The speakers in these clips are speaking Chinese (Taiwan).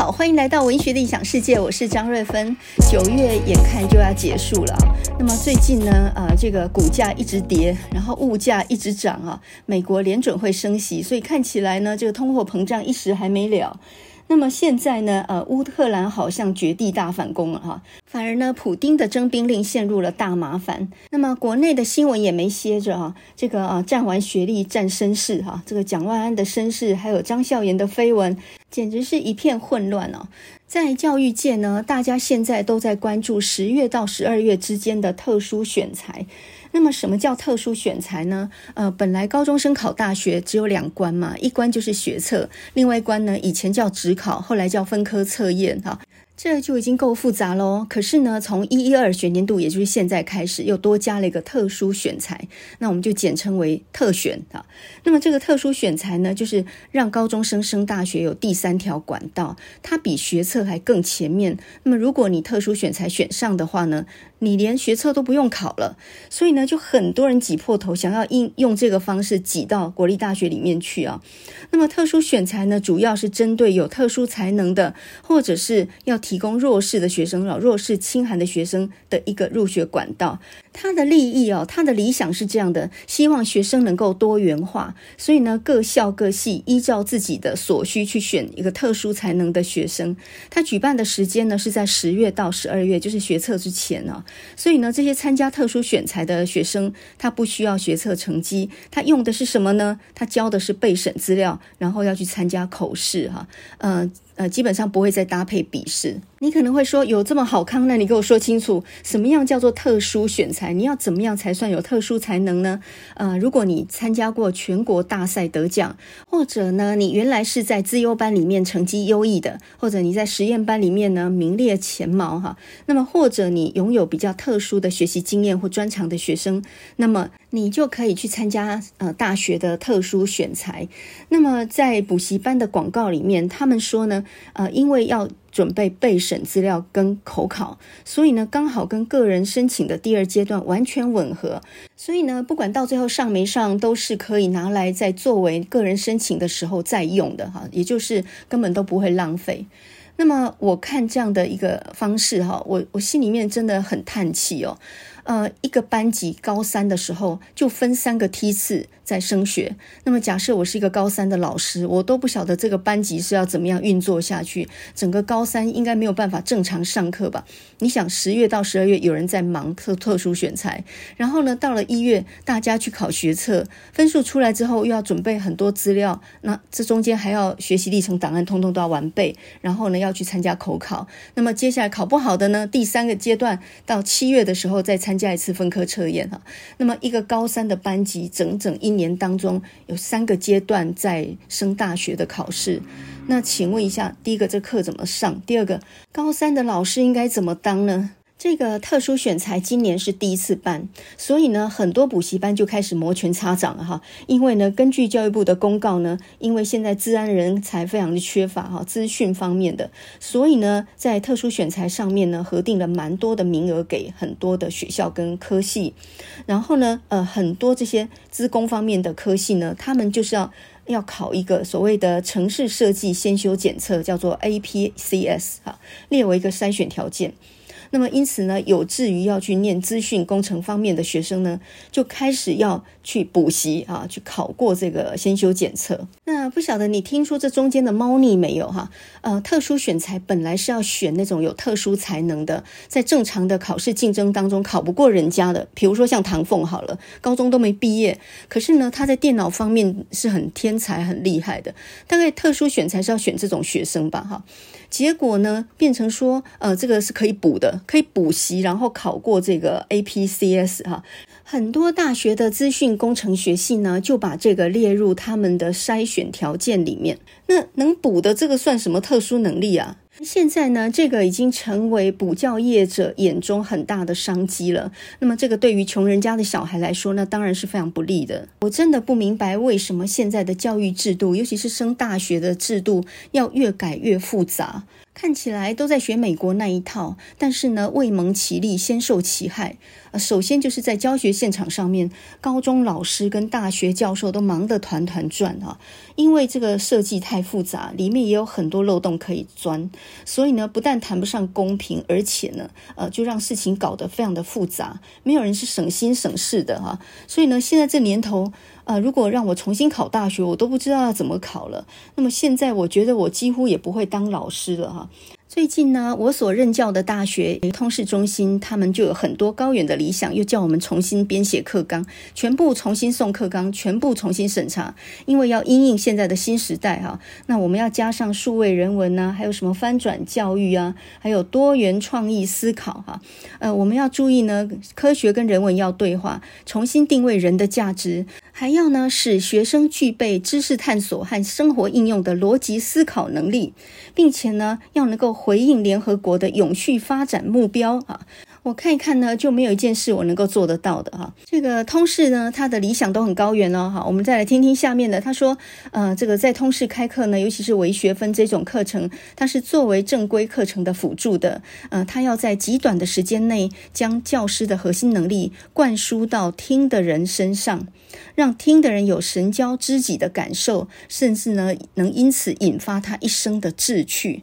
好，歡迎來到文學的異想世界，我是張瑞芬。九月眼看就要結束了，那麼最近呢，呃，這個股價一直跌，然後物價一直漲啊。美國聯準會升息，所以看起來呢，這個通貨膨脹一時還沒了。那麼現在呢，呃，烏克蘭好像絕地大反攻了哈、啊，反而呢，普丁的徵兵令陷入了大麻煩。那麼國內的新聞也沒歇着哈、啊，這個啊，戰完學歷戰身世哈，這個蔣萬安的身世，還有章孝嚴的緋聞。簡直是一片混亂哦！在教育界呢，大家現在都在關注十月到十二月之間的特殊選才。那麼，什麼叫特殊選才呢？呃，本來高中生考大學只有兩關嘛，一關就是學測，另外一關呢，以前叫指考，後來叫分科測驗哈。這就已經夠複雜嘍。可是呢，從一一二學年度，也就是現在開始，又多加了一個特殊選才，那我們就簡稱為特選啊。那麼這個特殊選才呢，就是讓高中生升大學有第三條管道，它比學測還更前面。那麼如果你特殊選才選上的話呢？你連學測都不用考了，所以呢，就很多人擠破頭想要應用這個方式擠到國立大學裡面去啊、哦。那麼特殊選才呢，主要是針對有特殊才能的，或者是要提供弱勢的學生，弱勢清寒的學生的一個入學管道。他的利益哦，他的理想是這樣的，希望學生能夠多元化，所以呢，各校各系依照自己的所需去選一個特殊才能的學生。他舉辦的時間呢是在十月到十二月，就是學測之前呢、哦。所以呢，這些參加特殊選才的學生，他不需要學測成績，他用的是什麼呢？他教的是備審資料，然後要去參加口試哈、啊，呃呃，基本上不會再搭配筆試。你可能會說，有這麼好康呢？你給我說清楚，什麼樣叫做特殊選才？你要怎麼樣才算有特殊才能呢？呃，如果你參加過全國大賽得獎，或者呢，你原來是在資優班裡面成績優異的，或者你在實驗班裡面呢名列前茅哈，那麼或者你擁有比較特殊的學習經驗或專長的學生，那麼你就可以去參加呃大學的特殊選才。那麼在補習班的廣告裡面，他們說呢，呃，因為要。準備備審資料跟口考，所以呢，剛好跟個人申請的第二階段完全吻合，所以呢，不管到最後上沒上，都是可以拿來在作為個人申請的時候再用的哈，也就是根本都不會浪費。那麼我看這樣的一個方式哈，我我心裡面真的很嘆氣哦。呃，一個班級高三的時候就分三個梯次在升學。那麼假設我是一個高三的老師，我都不曉得這個班級是要怎麼樣運作下去。整個高三應該沒有辦法正常上課吧？你想，十月到十二月有人在忙特特殊選才，然後呢，到了一月大家去考學測，分數出來之後又要準備很多資料。那這中間還要學習歷程檔案通通都要完備，然後呢，要去參加口考。那麼接下來考不好的呢，第三個階段到七月的時候再參。參加一次分科測驗哈，那麼一個高三的班級，整整一年當中有三個階段在升大學的考試，那請問一下，第一個這課怎麼上？第二個，高三的老師應該怎麼當呢？這個特殊選才今年是第一次辦，所以呢，很多補習班就開始摩拳擦掌了哈。因為呢，根據教育部的公告呢，因為現在資安人才非常的缺乏哈，資訊方面的，所以呢，在特殊選才上面呢，核定了蠻多的名額給很多的學校跟科系。然後呢，呃，很多這些資工方面的科系呢，他們就是要要考一個所謂的程式設計先修檢測，叫做 APCS 哈，列為一個篩選條件。那麼，因此呢，有志於要去念資訊工程方面的學生呢，就開始要去補習啊，去考過這個先修檢測。那不曉得你聽說這中間的貓膩沒有哈、啊？呃，特殊選才本來是要選那種有特殊才能的，在正常的考試競爭當中考不過人家的，比如說像唐鳳好了，高中都沒畢業，可是呢，他在電腦方面是很天才、很厲害的。大概特殊選才是要選這種學生吧，哈。結果呢，變成說，呃，這個是可以補的，可以補習，然後考過這個 APCS 哈、啊，很多大學的資訊工程學系呢，就把這個列入他們的篩選條件裡面。那能補的這個算什麼特殊能力啊？現在呢，這個已經成為補教業者眼中很大的商機了。那麼，這個對於窮人家的小孩來說，那當然是非常不利的。我真的不明白，為什麼現在的教育制度，尤其是升大學的制度，要越改越複雜。看起來都在學美國那一套，但是呢，未蒙其利，先受其害。呃，首先就是在教學現場上面，高中老師跟大學教授都忙得團團轉啊，因為這個設計太複雜，裡面也有很多漏洞可以鑽，所以呢，不但談不上公平，而且呢，呃，就讓事情搞得非常的複雜，沒有人是省心省事的哈啊。所以呢，現在這年頭。啊、呃，如果讓我重新考大學，我都不知道要怎麼考了。那麼現在，我覺得我幾乎也不會當老師了哈。最近呢，我所任教的大學通識中心，他們就有很多高遠的理想，又叫我們重新編寫課綱，全部重新送課綱，全部重新審查，因為要因應現在的新時代哈、啊。那我們要加上數位人文吶、啊，還有什麼翻轉教育啊，還有多元創意思考哈、啊。呃，我們要注意呢，科學跟人文要對話，重新定位人的價值。還要呢，使學生具備知識探索和生活應用的邏輯思考能力，並且呢，要能夠回應聯合國的永續發展目標啊。我看一看呢，就沒有一件事我能夠做得到的哈。這個通識呢，他的理想都很高遠哦。好。我們再來聽聽下面的，他說，呃，這個在通識開課呢，尤其是為學分這種課程，它是作為正規課程的輔助的。呃，他要在極短的時間內將教師的核心能力灌輸到聽的人身上，讓聽的人有神交知己的感受，甚至呢，能因此引發他一生的志趣。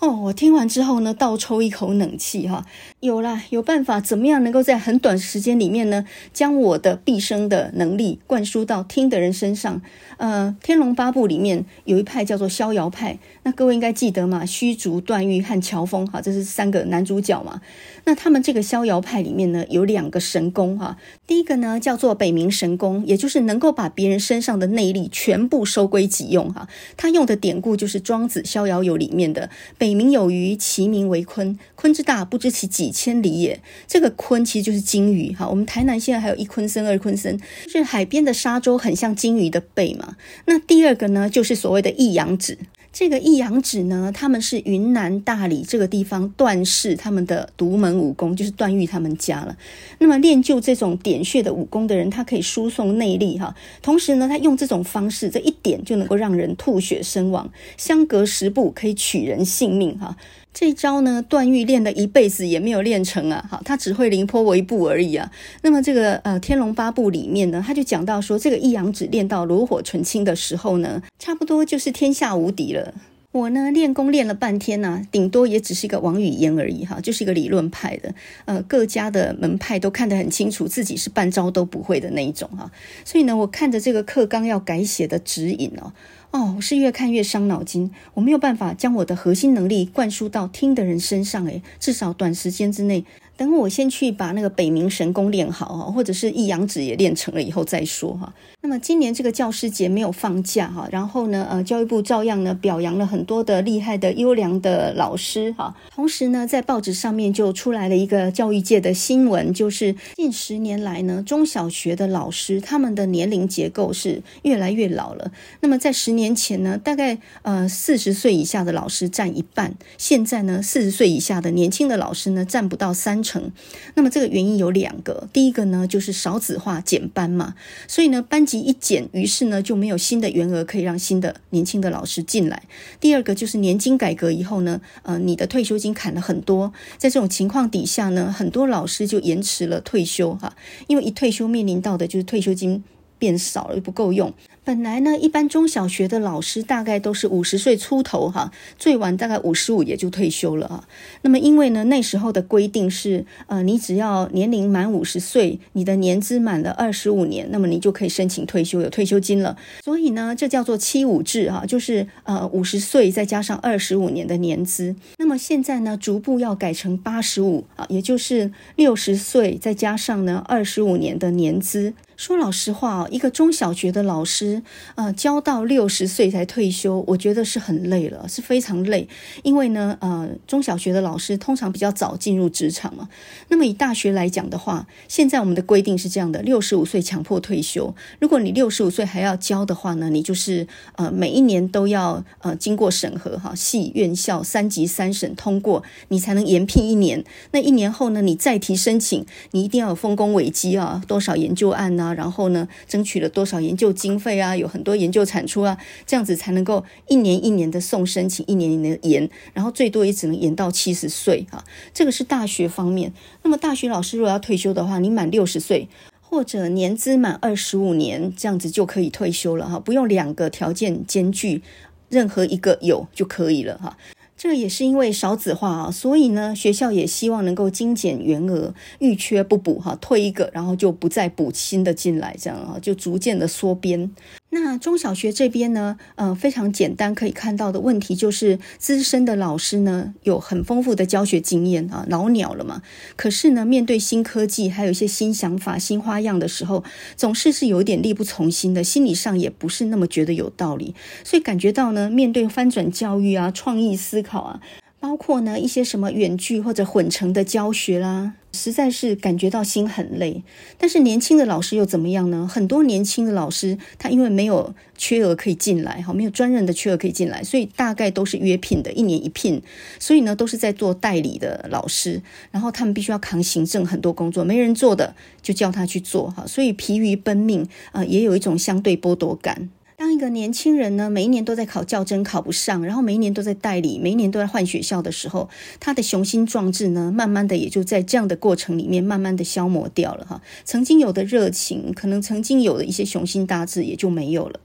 哦，我聽完之後呢，倒抽一口冷氣哈、啊，有啦，有辦法，怎麼樣能夠在很短時間裡面呢，將我的畢生的能力灌輸到聽的人身上？呃，天龍八部裡面有一派叫做逍遙派，那各位應該記得嘛，虛竹、段譽和喬峰哈、啊，這是三個男主角嘛。那他們這個逍遙派裡面呢，有兩個神功哈、啊，第一個呢叫做北冥神功，也就是能夠把別人身上的內力全部收歸己用哈、啊。他用的典故就是莊子逍遙遊裡面的北冥有魚，其名為鯤。鯤之大，不知其幾千里也。這個鯤其實就是鯨魚哈。我們台南現在還有一鯤鯓、二鯤鯓，就是海邊的沙洲很像鯨魚的背嘛。那第二個呢，就是所謂的一陽指。這個一陽指呢，他們是雲南大理這個地方段氏他們的獨門武功，就是段譽他們家了。那麼練就這種點穴的武功的人，他可以輸送內力哈，同時呢，他用這種方式，這一點就能夠讓人吐血身亡，相隔十步可以取人性命哈。這一招呢，段譽練了一輩子也沒有練成啊，好，他只會凌波微步而已啊。那麼這個呃，《天龍八部》裡面呢，他就講到說，這個一陽指練到爐火純青的時候呢，差不多就是天下無敵了。我呢，練功練了半天啊，頂多也只是一個王語嫣而已哈，就是一個理論派的。呃，各家的門派都看得很清楚，自己是半招都不會的那一種哈、啊。所以呢，我看着這個課綱要改寫的指引哦。哦，我是越看越傷腦筋，我沒有辦法將我的核心能力灌輸到聽的人身上，哎，至少短時間之內。等我先去把那個北冥神功練好哈，或者是一陽指也練成了以後再說哈。那麼今年這個教師節沒有放假哈，然後呢，呃，教育部照樣呢表揚了很多的厲害的優良的老師哈。同時呢，在報紙上面就出來了一個教育界的新聞，就是近十年來呢，中小學的老師他們的年齡結構是越來越老了。那麼在十年前呢，大概呃四十歲以下的老師佔一半，現在呢，四十歲以下的年輕的老師呢佔不到三成。成，那麼這個原因有兩個，第一個呢就是少子化減班嘛，所以呢班級一減，於是呢就沒有新的員額可以讓新的年輕的老師進來。第二個就是年金改革以後呢，呃，你的退休金砍了很多，在這種情況底下呢，很多老師就延遲了退休哈、啊，因為一退休面臨到的就是退休金變少了，又不夠用。本來呢，一般中小學的老師大概都是五十歲出頭哈，最晚大概五十五也就退休了啊。那麼因為呢，那時候的規定是，呃，你只要年齡滿五十歲，你的年資滿了二十五年，那麼你就可以申請退休，有退休金了。所以呢，這叫做七五制哈，就是呃五十歲再加上二十五年的年資。那麼現在呢，逐步要改成八十五啊，也就是六十歲再加上呢二十五年的年資。說老實話，一個中小學的老師，呃，教到六十歲才退休，我覺得是很累了，是非常累。因為呢，呃，中小學的老師通常比較早進入職場嘛。那麼以大學來講的話，現在我們的規定是這樣的：六十五歲強迫退休。如果你六十五歲還要教的話呢，你就是呃，每一年都要呃經過審核哈，系院校三級三審通過，你才能延聘一年。那一年後呢，你再提申請，你一定要有豐功偉績啊，多少研究案呐、啊。然後呢，爭取了多少研究經費啊？有很多研究產出啊，這樣子才能夠一年一年的送申請，一年一年的延，然後最多也只能延到七十歲哈、啊。這個是大學方面。那麼大學老師如果要退休的話，你滿六十歲或者年資滿二十五年，這樣子就可以退休了哈、啊，不用兩個條件兼具，任何一個有就可以了哈。啊這也是因為少子化啊，所以呢，學校也希望能夠精簡員額，遇缺不補哈，退一個，然後就不再補新的進來，這樣啊，就逐漸的縮編。那中小學這邊呢，呃，非常簡單，可以看到的問題就是，資深的老師呢，有很豐富的教學經驗啊，老鳥了嘛。可是呢，面對新科技，還有一些新想法、新花樣的時候，總是是有點力不從心的，心理上也不是那麼覺得有道理，所以感覺到呢，面對翻轉教育啊、創意思考啊。包括呢，一些什麼遠距或者混成的教學啦，實在是感覺到心很累。但是年輕的老師又怎麼樣呢？很多年輕的老師他因為沒有缺額可以進來，哈，沒有專任的缺額可以進來，所以大概都是約聘的，一年一聘。所以呢，都是在做代理的老師，然後他們必須要扛行政很多工作，沒人做的就叫他去做，哈，所以疲於奔命，啊，呃，也有一種相對剝奪感。當一個年輕人呢，每一年都在考教甄考不上，然後每一年都在代理，每一年都在換學校的時候，他的雄心壯志呢，慢慢的也就在這樣的過程裡面，慢慢的消磨掉了哈。曾經有的熱情，可能曾經有的一些雄心大志，也就沒有了。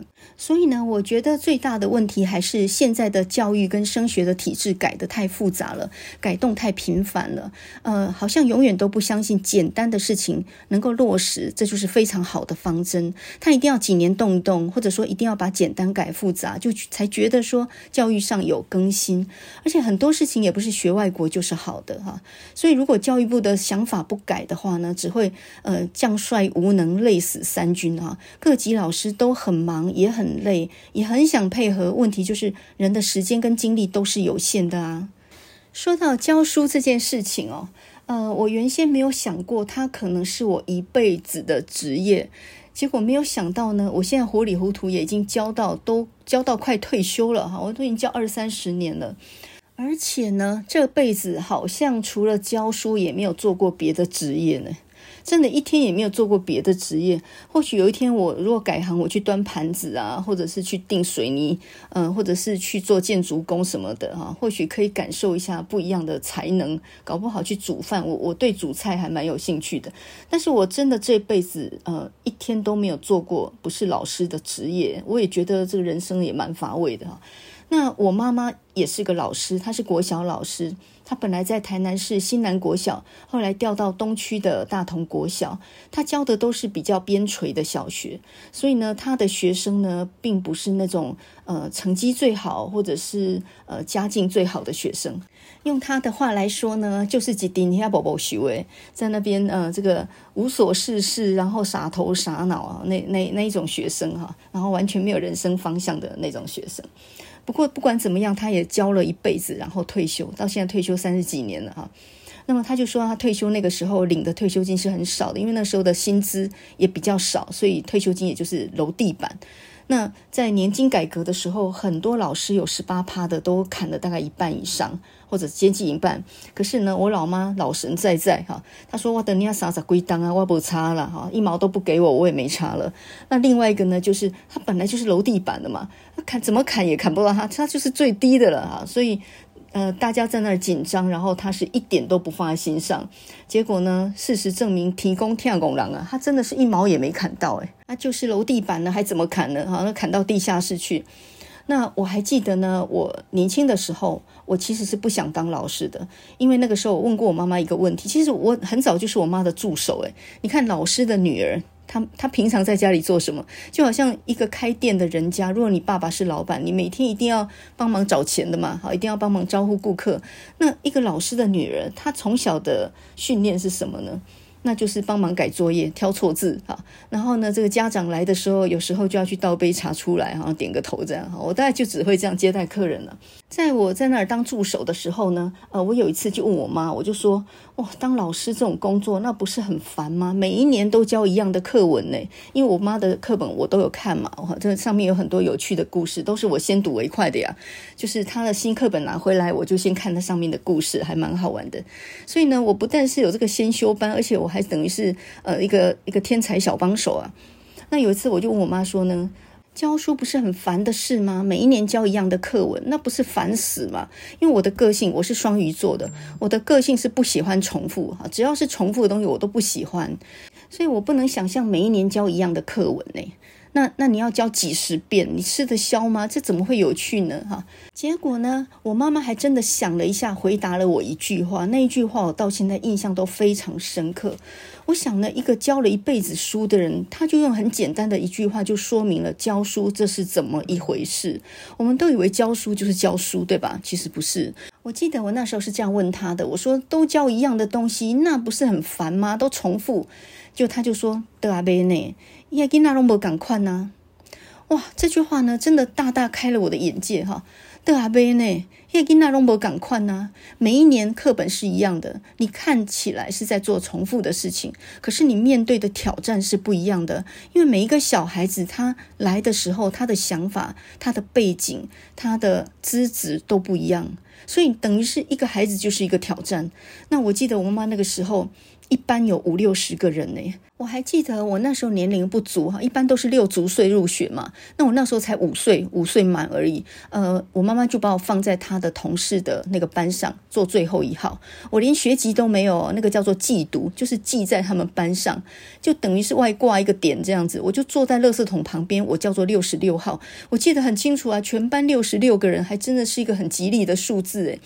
所以呢，我覺得最大的問題還是現在的教育跟升學的體制改得太複雜了，改動太頻繁了。呃，好像永遠都不相信簡單的事情能夠落實，這就是非常好的方針。他一定要幾年動一動，或者說一定要把簡單改複雜，就才覺得說教育上有更新。而且很多事情也不是學外國就是好的哈。所以如果教育部的想法不改的話呢，只會呃將帥無能累死三軍啊。各級老師都很忙，也很累，也很想配合，問題就是人的時間跟精力都是有限的啊。說到教書這件事情哦，呃，我原先沒有想過它可能是我一輩子的職業，結果沒有想到呢，我現在糊裡糊塗也已經教到都教到快退休了哈，我都已經教二三十年了，而且呢，這輩子好像除了教書也沒有做過別的職業呢。真的，一天也沒有做過別的職業。或許有一天，我如果改行，我去端盤子啊，或者是去訂水泥，嗯、呃，或者是去做建築工什麼的哈、啊。或許可以感受一下不一樣的才能。搞不好去煮飯，我我對煮菜還蠻有興趣的。但是我真的這輩子，呃，一天都沒有做過不是老師的職業。我也覺得這個人生也蠻乏味的哈。那我媽媽也是個老師，她是國小老師。他本來在台南市新南國小，後來調到東區的大同國小。他教的都是比較邊陲的小學，所以呢，他的學生呢，並不是那種呃成績最好，或者是呃家境最好的學生。用他的話來說呢，就是幾頂一下包包修，哎，在那邊呃這個無所事事，然後傻頭傻腦啊，那那那一種學生哈、啊，然後完全沒有人生方向的那種學生。不過不管怎麼樣，他也教了一輩子，然後退休到現在退休三十幾年了哈。那麼他就說他退休那個時候領的退休金是很少的，因為那時候的薪資也比較少，所以退休金也就是樓地板。那在年金改革的時候，很多老師有十八趴的都砍了大概一半以上，或者接近一半。可是呢，我老媽老神在在哈，她說我：“我等你要啥啥歸檔啊，我不差了哈，一毛都不給我，我也沒差了。”那另外一個呢，就是她本來就是樓地板的嘛，她砍怎麼砍也砍不到她，她就是最低的了哈，所以。呃，大家在那兒緊張，然後他是一點都不放在心上。結果呢，事實證明，提供跳拱廊啊，他真的是一毛也沒砍到哎。那、啊、就是樓地板呢，還怎麼砍呢？好、啊，那砍到地下室去。那我還記得呢，我年輕的時候，我其實是不想當老師的，因為那個時候我問過我媽媽一個問題，其實我很早就是我媽的助手哎。你看，老師的女兒。他他平常在家裡做什麼？就好像一個開店的人家，如果你爸爸是老闆，你每天一定要幫忙找錢的嘛，好，一定要幫忙招呼顧客。那一個老師的女兒，她從小的訓練是什麼呢？那就是幫忙改作業、挑錯字哈。然後呢，這個家長來的時候，有時候就要去倒杯茶出來哈，好像點個頭這樣哈。我大概就只會這樣接待客人了。在我在那兒當助手的時候呢，呃，我有一次就問我媽，我就說：哇，當老師這種工作，那不是很煩嗎？每一年都教一樣的課文呢？因為我媽的課本我都有看嘛，哈，這上面有很多有趣的故事，都是我先睹為快的呀。就是她的新課本拿回來，我就先看她上面的故事，還蠻好玩的。所以呢，我不但是有這個先修班，而且我。還是等於是呃一個一個天才小幫手啊。那有一次我就問我媽說呢，教書不是很煩的事嗎？每一年教一樣的課文，那不是煩死嗎？因為我的個性，我是雙魚座的，我的個性是不喜歡重複，只要是重複的東西我都不喜歡，所以我不能想象每一年教一樣的課文呢、欸。那那你要教幾十遍，你吃得消嗎？這怎麼會有趣呢？哈、啊！結果呢，我媽媽還真的想了一下，回答了我一句話。那一句話我到現在印象都非常深刻。我想呢，一個教了一輩子書的人，他就用很簡單的一句話就說明了教書這是怎麼一回事。我們都以為教書就是教書，對吧？其實不是。我記得我那時候是這樣問他的：“我說都教一樣的東西，那不是很煩嗎？都重複。”就他就說：“德啊，貝內。”囡仔攏無仝款呢？哇，這句話呢，真的大大開了我的眼界哈。對、哦、阿貝呢，囡仔攏無仝款呢？每一年課本是一樣的，你看起來是在做重複的事情，可是你面對的挑戰是不一樣的。因為每一個小孩子他來的時候，他的想法、他的背景、他的資質都不一樣，所以等於是一個孩子就是一個挑戰。那我記得我媽媽那個時候。一般有五六十個人呢、欸。我還記得我那時候年齡不足哈，一般都是六足歲入學嘛。那我那時候才五歲，五歲滿而已。呃，我媽媽就把我放在她的同事的那個班上做最後一號。我連學籍都沒有，那個叫做寄讀，就是寄在他們班上，就等於是外掛一個點這樣子。我就坐在垃圾桶旁邊，我叫做六十六號。我記得很清楚啊，全班六十六個人，還真的是一個很吉利的數字、欸。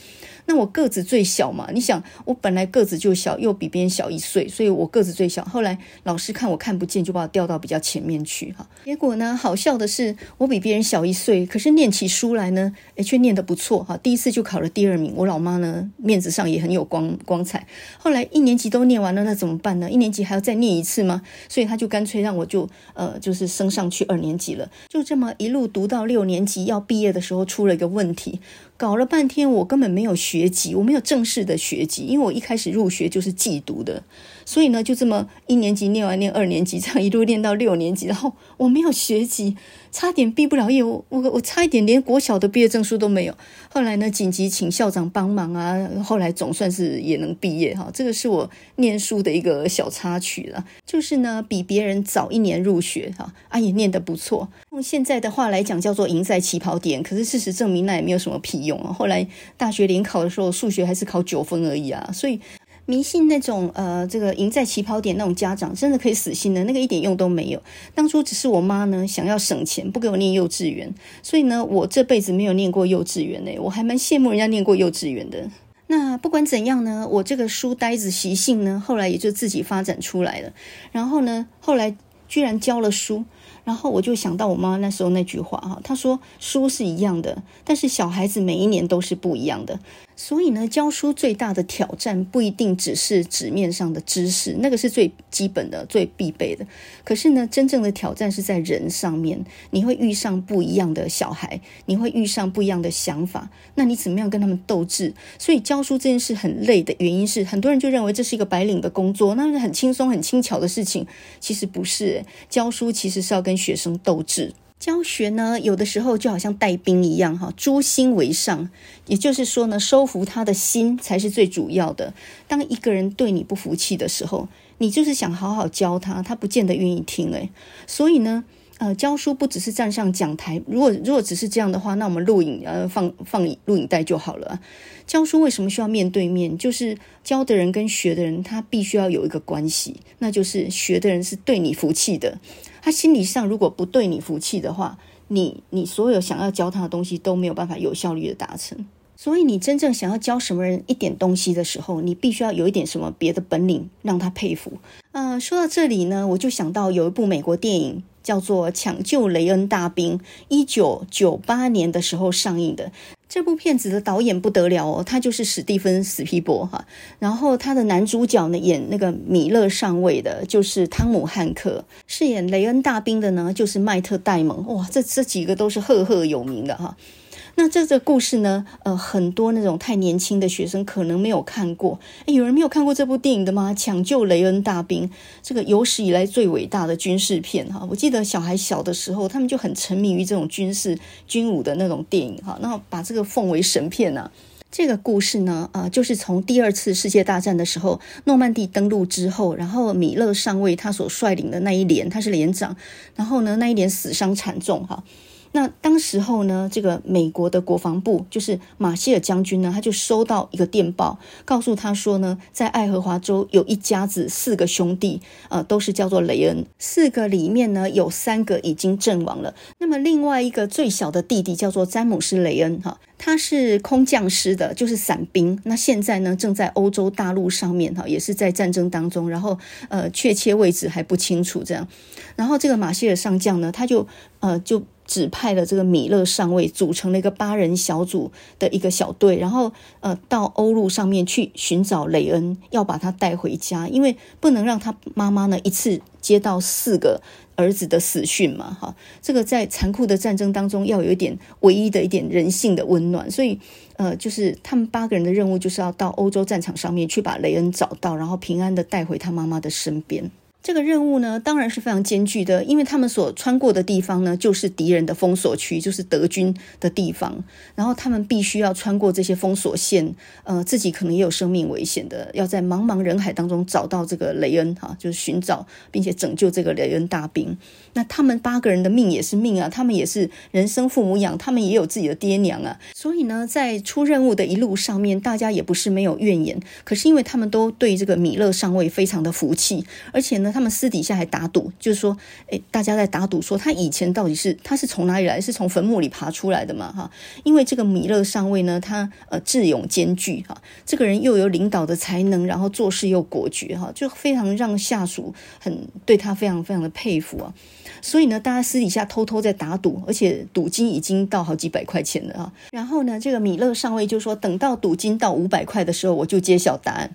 那我個子最小嘛，你想，我本來個子就小，又比別人小一歲，所以我個子最小。後來老師看我看不見，就把我調到比較前面去哈。結果呢，好笑的是，我比別人小一歲，可是念起書來呢，誒，卻念得不錯哈。第一次就考了第二名，我老媽呢，面子上也很有光光彩。後來一年級都念完了，那怎麼辦呢？一年級還要再念一次嗎？所以他就乾脆讓我就呃，就是升上去二年級了。就這麼一路讀到六年級，要畢業的時候，出了一個問題。搞了半天，我根本沒有學籍，我沒有正式的學籍，因為我一開始入學就是寄讀的。所以呢，就這麼一年級念完，念二年級，這樣一路念到六年級，然後我沒有學籍，差點畢不了業，我我我差一點連國小的畢業證書都沒有。後來呢，緊急請校長幫忙啊，後來總算是也能畢業哈、啊。這個是我念書的一個小插曲了，就是呢比別人早一年入學哈、啊，啊也念得不錯。用現在的話來講，叫做贏在起跑點。可是事實證明，那也沒有什麼屁用啊。後來大學聯考的時候，數學還是考九分而已啊，所以。迷信那種呃，這個贏在起跑點那種家長，真的可以死心的，那個一點用都沒有。當初只是我媽呢想要省錢，不給我念幼稚園，所以呢，我這輩子沒有念過幼稚園誒、欸，我還蠻羨慕人家念過幼稚園的。那不管怎樣呢，我這個書呆子習性呢，後來也就自己發展出來了。然後呢，後來居然教了書，然後我就想到我媽那時候那句話哈，她說書是一樣的，但是小孩子每一年都是不一樣的。所以呢，教書最大的挑戰不一定只是紙面上的知識，那個是最基本的、最必備的。可是呢，真正的挑戰是在人上面，你會遇上不一樣的小孩，你會遇上不一樣的想法，那你怎麼樣跟他們鬥智？所以教書這件事很累的原因是，很多人就認為這是一個白領的工作，那是很輕鬆、很輕巧的事情，其實不是欸。教書其實是要跟學生鬥智。教學呢，有的時候就好像帶兵一樣，哈，誅心為上，也就是說呢，收服他的心才是最主要的。當一個人對你不服氣的時候，你就是想好好教他，他不見得願意聽誒，所以呢，呃，教書不只是站上講台，如果如果只是這樣的話，那我們錄影呃放放影錄影帶就好了啊。教書為什麼需要面對面？就是教的人跟學的人，他必須要有一個關係，那就是學的人是對你服氣的。他心理上如果不對你服氣的話，你你所有想要教他的東西都沒有辦法有效率的達成。所以你真正想要教什麼人一點東西的時候，你必須要有一點什麼別的本領讓他佩服。呃，說到這裡呢，我就想到有一部美國電影。叫做《搶救雷恩大兵》，一九九八年的時候上映的。這部片子的導演不得了哦，他就是史蒂芬·史皮伯哈。然後他的男主角呢，演那個米勒上尉的，就是湯姆·漢克；飾演雷恩大兵的呢，就是麥特·戴蒙。哇，這這幾個都是赫赫有名的哈。那這個故事呢，呃，很多那種太年輕的學生可能沒有看過。誒，有人沒有看過這部電影的嗎？《搶救雷恩大兵》，這個有史以來最偉大的軍事片哈。我記得。小孩小的時候，他們就很沉迷於這種軍事、軍武的那種電影哈，那把這個奉為神片呢、啊。這個故事呢，啊、呃，就是從第二次世界大戰的時候，諾曼底登陸之後，然後米勒上尉他所率領的那一連，他是連長，然後呢，那一連死傷慘重哈。那當時候呢，這個美國的國防部就是馬歇爾將軍呢，他就收到一個電報，告訴他說呢，在愛荷華州有一家子四個兄弟，呃，都是叫做雷恩，四個裡面呢有三個已經陣亡了，那麼另外一個最小的弟弟叫做詹姆斯·雷恩，哈、啊，他是空降師的，就是傘兵，那現在呢正在歐洲大陸上面，哈、啊，也是在戰爭當中，然後呃，確切位置還不清楚這樣，然後這個馬歇爾上將呢，他就呃就。指派了這個米勒上尉，組成了一個八人小組的一個小隊，然後呃，到歐陸上面去尋找雷恩，要把他帶回家，因為不能讓他媽媽呢一次接到四個兒子的死訊嘛，哈，這個在殘酷的戰爭當中要有一點唯一的一點人性的溫暖，所以呃，就是他們八個人的任務就是要到歐洲戰場上面去把雷恩找到，然後平安的帶回他媽媽的身邊。這個任務呢，當然是非常艱巨的，因為他們所穿過的地方呢，就是敵人的封鎖區，就是德軍的地方。然後他們必須要穿過這些封鎖線，呃，自己可能也有生命危險的，要在茫茫人海當中找到這個雷恩哈，啊，就是尋找並且拯救這個雷恩大兵。那他們八個人的命也是命啊，他們也是人生父母養，他們也有自己的爹娘啊。所以呢，在出任務的一路上面，大家也不是沒有怨言。可是因為他們都對這個米勒上尉非常的服氣，而且呢，他們私底下還打賭，就是說，誒、欸，大家在打賭說他以前到底是他是從哪裡來，是從墳墓裡爬出來的嘛？哈，因為這個米勒上尉呢，他呃智勇兼具哈，這個人又有領導的才能，然後做事又果決哈，就非常讓下屬很對他非常非常的佩服啊。所以呢，大家私底下偷偷在打賭，而且賭金已經到好幾百塊錢了啊。然後呢，這個米勒上尉就說，等到賭金到五百塊的時候，我就揭曉答案。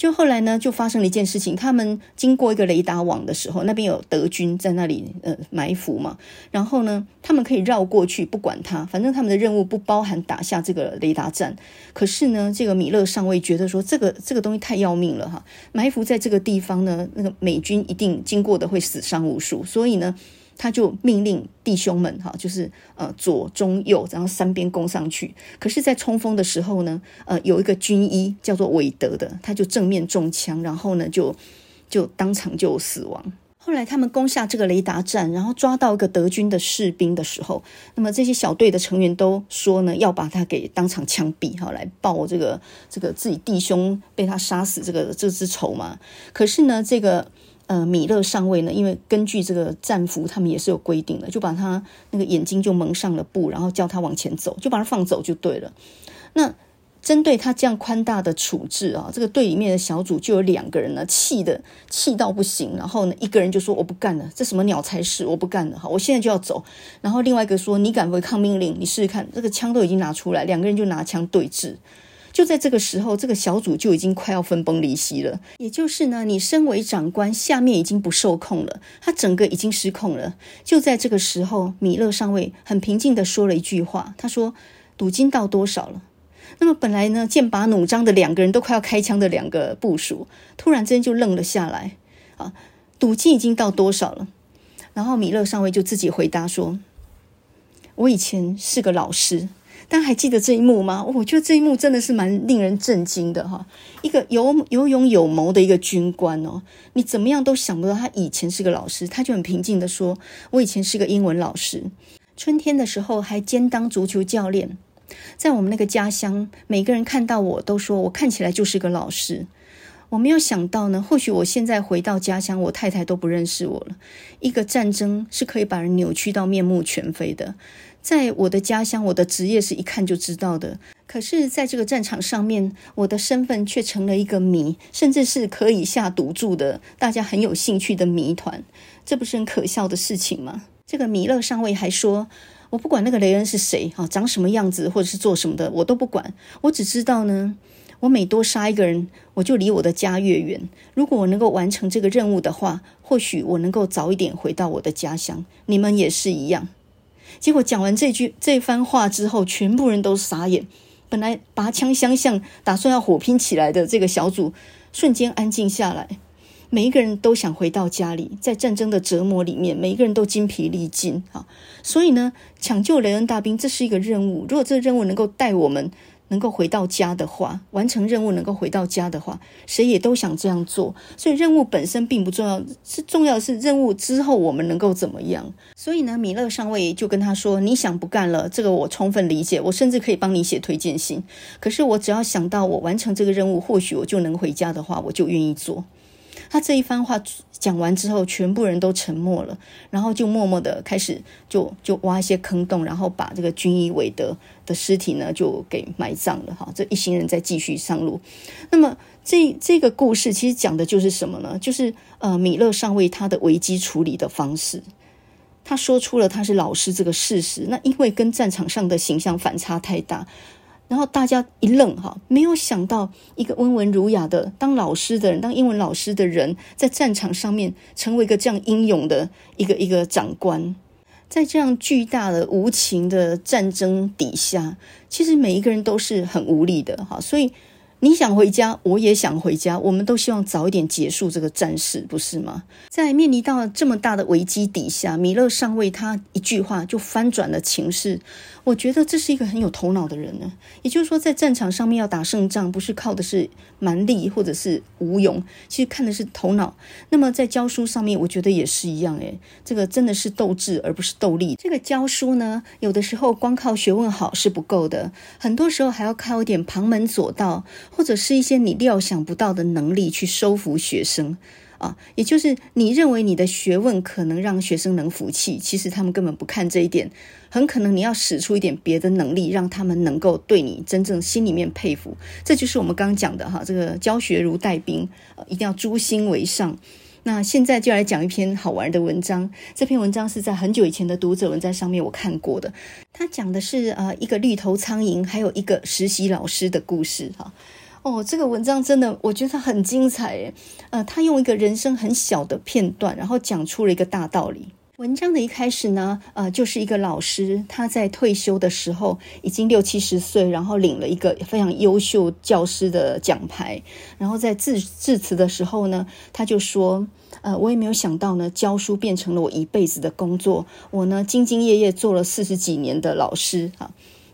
就後來呢，就發生了一件事情。他們經過一個雷達網的時候，那邊有德軍在那裡，呃，埋伏嘛。然後呢，他們可以繞過去，不管他，反正他們的任務不包含打下這個雷達站。可是呢，這個米勒上尉覺得說，這個這個東西太要命了哈，埋伏在這個地方呢，那個美軍一定經過的會死傷無數，所以呢。他就命令弟兄們，哈，就是呃左中右，然後三邊攻上去。可是，在衝鋒的時候呢，呃，有一個軍醫叫做韋德的，他就正面中槍，然後呢，就就當場就死亡。後來他們攻下這個雷達站，然後抓到一個德軍的士兵的時候，那麼這些小隊的成員都說呢，要把他給當場槍斃，哈，來報這個這個自己弟兄被他殺死這個這之仇嘛。可是呢，這個。呃，米勒上尉呢，因為根據這個戰俘，他們也是有規定的，就把他那個眼睛就蒙上了布，然後叫他往前走，就把他放走就對了。那針對他這樣寬大的處置啊，這個隊裡面的小組就有兩個人呢，氣得氣到不行，然後呢，一個人就說我不幹了，這什麼鳥差事，我不幹了，好，我現在就要走。然後另外一個說你敢違抗命令，你試試看，這個槍都已經拿出來，兩個人就拿槍對峙。就在這個時候，這個小組就已經快要分崩離析了。也就是呢，你身為長官，下面已經不受控了，他整個已經失控了。就在這個時候，米勒上尉很平靜的說了一句話，他說：“賭金到多少了？”那麼本來呢，劍拔弩張的兩個人都快要開槍的兩個部屬，突然之間就愣了下來。啊，賭金已經到多少了？然後米勒上尉就自己回答說：“我以前是個老師。”大家還記得這一幕嗎？我覺得這一幕真的是蠻令人震驚的哈！一個有有勇有謀的一個軍官哦，你怎麼樣都想不到他以前是個老師，他就很平靜地說：“我以前是個英文老師，春天的時候還兼當足球教練，在我們那個家鄉，每個人看到我都說我看起來就是個老師。我沒有想到呢，或許我現在回到家鄉，我太太都不認識我了。一個戰爭是可以把人扭曲到面目全非的。”在我的家鄉，我的職業是一看就知道的。可是，在這個戰場上面，我的身份卻成了一個謎，甚至是可以下賭注的，大家很有興趣的謎團。這不是很可笑的事情嗎？這個米勒上尉還說：“我不管那個雷恩是誰啊，長什麼樣子，或者是做什麼的，我都不管。我只知道呢，我每多殺一個人，我就離我的家越遠。如果我能夠完成這個任務的話，或許我能夠早一點回到我的家鄉。你們也是一樣。”結果講完這句這番話之後，全部人都傻眼。本來拔槍相向，打算要火拼起來的這個小組，瞬間安靜下來。每一個人都想回到家裡，在戰爭的折磨裡面，每一個人都筋疲力盡啊。所以呢，搶救雷恩大兵這是一個任務。如果這個任務能夠帶我們，能夠回到家的話，完成任務能夠回到家的話，誰也都想這樣做。所以任務本身並不重要，是重要的是任務之後我們能夠怎麼樣。所以呢，米勒上尉就跟他說：“你想不幹了，這個我充分理解，我甚至可以幫你寫推薦信。可是我只要想到我完成這個任務，或許我就能回家的話，我就願意做。”他這一番話講完之後，全部人都沉默了，然後就默默的開始就，就就挖一些坑洞，然後把這個軍醫韋德的屍體呢就給埋葬了，哈，這一行人再繼續上路。那麼，這這個故事其實講的就是什麼呢？就是呃，米勒上尉他的危機處理的方式。他說出了他是老師這個事實，那因為跟戰場上的形象反差太大。然後大家一愣，哈，沒有想到一個溫文儒雅的當老師的人，當英文老師的人，在戰場上面成為一個這樣英勇的一個一個長官，在這樣巨大的無情的戰爭底下，其實每一個人都是很無力的，哈。所以你想回家，我也想回家，我們都希望早一點結束這個戰事，不是嗎？在面臨到這麼大的危機底下，米勒上尉他一句話就翻轉了情勢。我覺得這是一個很有頭腦的人呢。也就是說，在戰場上面要打勝仗，不是靠的是蠻力或者是武勇，其實看的是頭腦。那麼在教書上面，我覺得也是一樣、欸。誒，這個真的是鬥智而不是鬥力。這個教書呢，有的時候光靠學問好是不夠的，很多時候還要靠一點旁門左道，或者是一些你料想不到的能力去收服學生。啊，也就是你認為你的學問可能讓學生能服氣，其實他們根本不看這一點，很可能你要使出一點別的能力，讓他們能夠對你真正心裡面佩服。這就是我們剛講的哈，這個教學如帶兵，一定要誅心為上。那現在就來講一篇好玩的文章，這篇文章是在很久以前的讀者文摘上面我看過的，它講的是啊一個綠頭蒼蠅，還有一個實習老師的故事哈。哦，這個文章真的，我覺得它很精彩誒。呃，他用一個人生很小的片段，然後講出了一個大道理。文章的一開始呢，呃，就是一個老師，他在退休的時候已經六七十歲，然後領了一個非常優秀教師的獎牌。然後在致致辭的時候呢，他就說：“呃，我也沒有想到呢，教書變成了我一輩子的工作。我呢，兢兢業業做了四十幾年的老師啊。”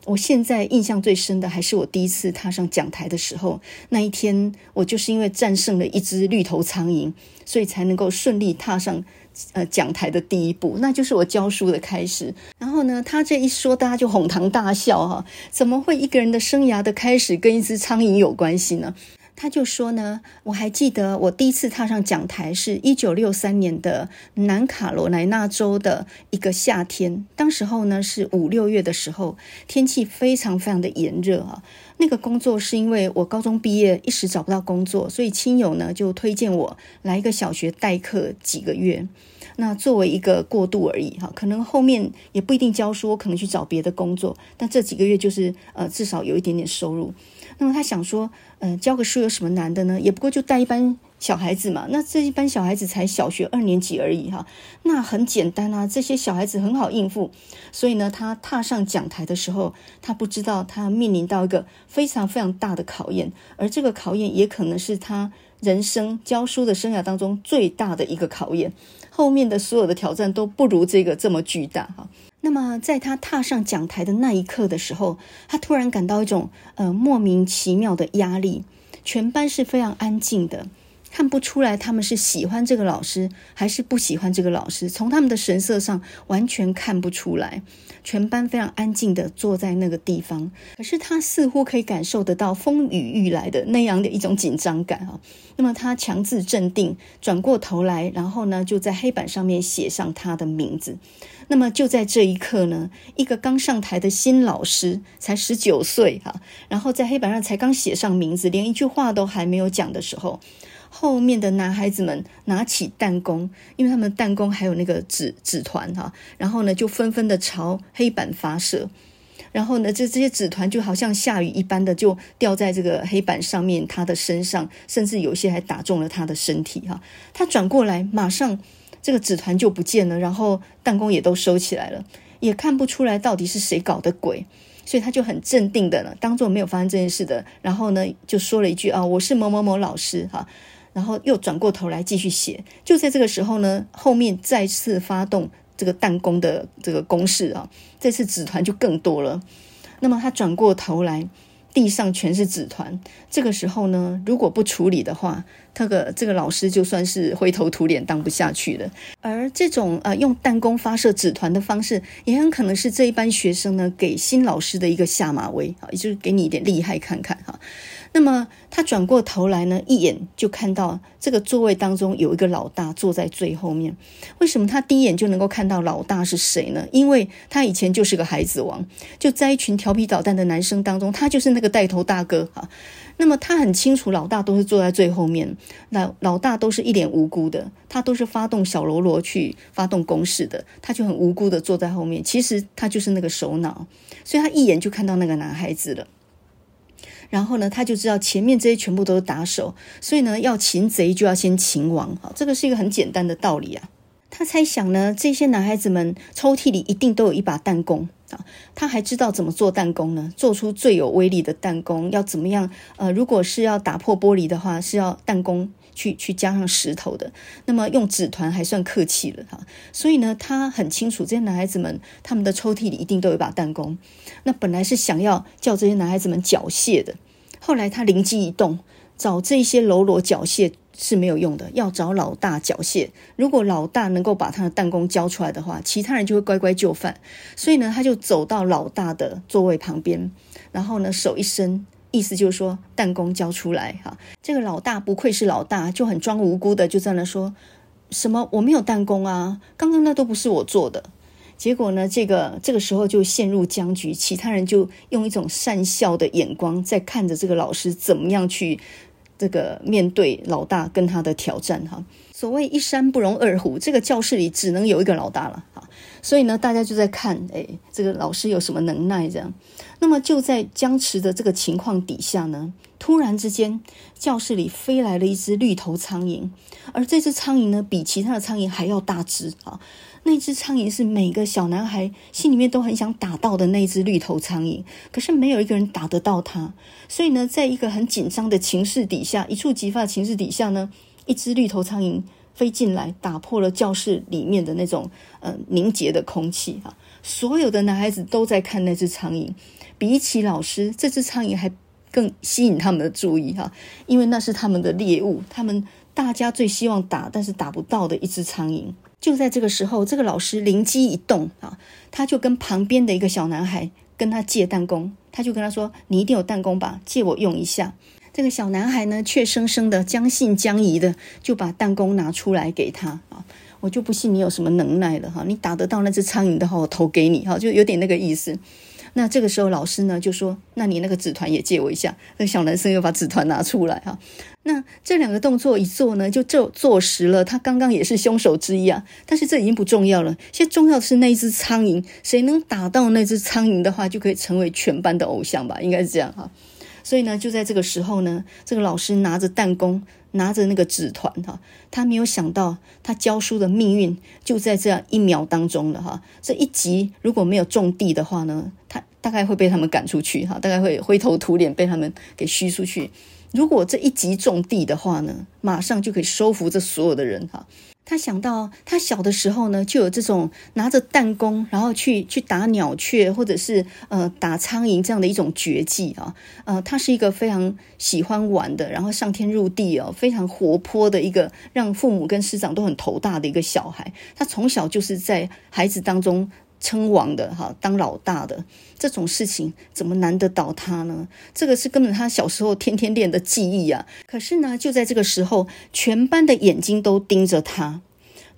我現在印象最深的還是我第一次踏上講台的時候，那一天我就是因為戰勝了一隻綠頭蒼蠅，所以才能夠順利踏上呃講台的第一步，那就是我教書的開始。然後呢，他這一說，大家就哄堂大笑哈、啊，怎麼會一個人的生涯的開始跟一隻蒼蠅有關係呢？他就說呢，我還記得我第一次踏上講台是一九六三年的南卡羅來納州的一個夏天，當時候呢是五六月的時候，天氣非常非常的炎熱哈，那個工作是因為我高中畢業一時找不到工作，所以親友呢就推薦我來一個小學代課幾個月，那作為一個過渡而已哈，可能後面也不一定教書，我可能去找別的工作，但這幾個月就是呃至少有一點點收入。那麼他想說，嗯、呃，教個書有什麼難的呢？也不過就帶一班小孩子嘛。那這一班小孩子才小學二年級而已哈、啊，那很簡單啊，這些小孩子很好應付。所以呢，他踏上講台的時候，他不知道他面臨到一個非常非常大的考驗，而這個考驗也可能是他人生教書的生涯當中最大的一個考驗。後面的所有的挑戰都不如這個這麼巨大哈。那麼在他踏上講台的那一刻的時候，他突然感到一種呃莫名其妙的壓力，全班是非常安靜的。看不出來他們是喜歡這個老師還是不喜歡這個老師，從他們的神色上完全看不出來。全班非常安靜地坐在那個地方，可是他似乎可以感受得到風雨欲來的那樣的一種緊張感啊、哦。那麼他強自鎮定，轉過頭來，然後呢就在黑板上面寫上他的名字。那麼就在這一刻呢，一個剛上台的新老師，才十九歲哈，然後在黑板上才剛寫上名字，連一句話都還沒有講的時候。後面的男孩子們拿起彈弓，因為他們彈弓還有那個紙紙團哈、啊，然後呢就紛紛的朝黑板發射，然後呢這這些紙團就好像下雨一般的就掉在這個黑板上面，他的身上甚至有些還打中了他的身體哈、啊。他轉過來，馬上這個紙團就不見了，然後彈弓也都收起來了，也看不出來到底是誰搞的鬼，所以他就很鎮定的了，當做沒有發生這件事的，然後呢就說了一句啊、哦，我是某某某老師哈。啊然後又轉過頭來繼續寫，就在這個時候呢，後面再次發動這個彈弓的這個攻勢啊，這次紙團就更多了。那麼他轉過頭來，地上全是紙團。這個時候呢，如果不處理的話，他、這個這個老師就算是灰頭土臉，當不下去了。而這種呃、啊、用彈弓發射紙團的方式，也很可能是這一班學生呢給新老師的一個下馬威啊，也就是給你一點厲害看看哈。那麼他轉過頭來呢，一眼就看到這個座位當中有一個老大坐在最後面。為什麼他第一眼就能夠看到老大是誰呢？因為他以前就是個孩子王，就在一群調皮搗蛋的男生當中，他就是那個帶頭大哥哈、啊。那麼他很清楚，老大都是坐在最後面，老，老大都是一臉無辜的，他都是發動小嘍囉，囉去發動攻勢的，他就很無辜的坐在後面。其實他就是那個首腦，所以他一眼就看到那個男孩子了。然後呢，他就知道前面這些全部都是打手，所以呢，要擒賊就要先擒王。這個是一個很簡單的道理啊。他猜想呢，這些男孩子們抽屜裡一定都有一把彈弓啊。他還知道怎麼做彈弓呢？做出最有威力的彈弓要怎麼樣？呃，如果是要打破玻璃的話，是要彈弓去去加上石頭的。那麼用紙團還算客氣了。所以呢，他很清楚這些男孩子們他們的抽屜裡一定都有一把彈弓。那本來是想要叫這些男孩子們繳械的，後來他靈機一動，找這些嘍囉繳械是沒有用的，要找老大繳械。如果老大能夠把他的彈弓交出來的話，其他人就會乖乖就範。所以呢，他就走到老大的座位旁邊，然後呢，手一伸，意思就是說彈弓交出來哈。這個老大不愧是老大，就很裝無辜的就在那說什麼我沒有彈弓啊，剛剛那都不是我做的。結果呢？這個這個時候就陷入僵局，其他人就用一種善笑的眼光在看着這個老師怎麼樣去這個面對老大跟他的挑戰。哈，所謂一山不容二虎，這個教室裡只能有一個老大了。哈，所以呢，大家就在看，哎，這個老師有什麼能耐這樣。那麼就在僵持的這個情況底下呢，突然之間，教室裡飛來了一隻綠頭蒼蠅，而這隻蒼蠅呢，比其他的蒼蠅還要大隻啊。那隻蒼蠅是每個小男孩心裡面都很想打到的那隻綠頭蒼蠅，可是沒有一個人打得到它。所以呢，在一個很緊張的情勢底下，一觸即發的情勢底下呢，一隻綠頭蒼蠅飛進來，打破了教室裡面的那種呃凝結的空氣哈。所有的男孩子都在看那隻蒼蠅，比起老師，這隻蒼蠅還更吸引他們的注意哈，因為那是他們的獵物，他們。大家最希望打但是打不到的一只蒼蠅，就在這個時候，這個老師靈機一動啊，他就跟旁邊的一個小男孩跟他借彈弓，他就跟他說：“你一定有彈弓吧？借我用一下。”這個小男孩呢，怯生生的將信將疑的就把彈弓拿出來給他啊，我就不信你有什麼能耐了哈，啊，你打得到那只蒼蠅的話，我投給你哈，啊，就有點那個意思。那這個時候老師呢就說：“那你那個紙團也借我一下。”那小男生又把紙團拿出來哈。啊那這兩個動作一做呢，就就坐實了，他剛剛也是凶手之一啊。但是這已經不重要了，現在重要的是那一只蒼蠅，誰能打到那只蒼蠅的話，就可以成為全班的偶像吧，應該是這樣哈。所以呢，就在這個時候呢，這個老師拿着彈弓，拿着那個紙團哈，他沒有想到，他教書的命運就在這樣一秒當中了哈。這一集如果沒有種地的話呢，他大概會被他們趕出去哈，大概會灰頭土臉被他們給驅出去。如果這一擊中的的話呢，馬上就可以收服這所有的人哈。他想到他小的時候呢，就有這種拿着彈弓，然後去去打鳥雀或者是呃打蒼蠅這樣的一種絕技啊。呃，他是一個非常喜歡玩的，然後上天入地哦，非常活潑的一個，讓父母跟師長都很頭大的一個小孩。他從小就是在孩子當中，稱王的哈，當老大的這種事情，怎麼難得倒他呢？這個是跟著他小時候天天練的記憶啊。可是呢，就在這個時候，全班的眼睛都盯着他，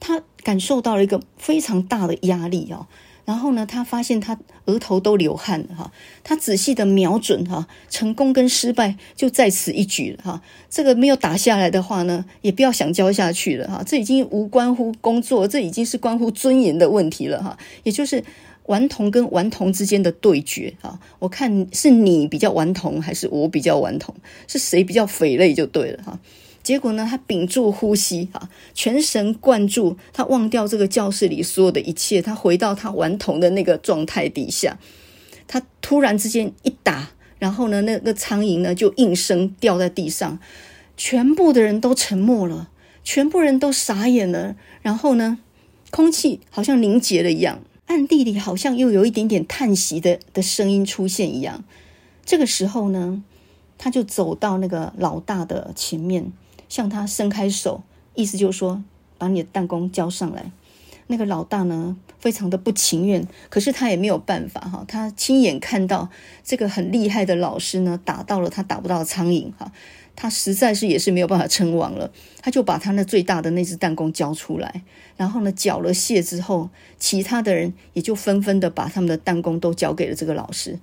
他感受到了一個非常大的壓力啊。然後呢，他發現他額頭都流汗了哈，他仔細的瞄準哈，成功跟失敗就在此一舉了哈，這個沒有打下來的話呢，也不要想交下去了哈，這已經無關乎工作，這已經是關乎尊嚴的問題了哈，也就是頑童跟頑童之間的對決，我看是你比較頑童還是我比較頑童，是誰比較匪類就對了哈。結果呢，他屏住呼吸，啊，全神貫注，他忘掉這個教室裡所有的一切，他回到他頑童的那個狀態底下。他突然之間一打，然後呢，那個蒼蠅呢就應聲掉在地上，全部的人都沉默了，全部人都傻眼了，然後呢，空氣好像凝結了一樣，暗地裡好像又有一點點嘆息的的聲音出現一樣。這個時候呢，他就走到那個老大的前面。向他伸開手，意思就是說，把你的彈弓交上來。那個老大呢，非常的不情願，可是他也沒有辦法哈。他親眼看到這個很厲害的老師呢，打到了他打不到的蒼蠅哈，他實在是也是沒有辦法稱王了。他就把他那最大的那隻彈弓交出來，然後呢，繳了械之後，其他的人也就紛紛的把他們的彈弓都交給了這個老師。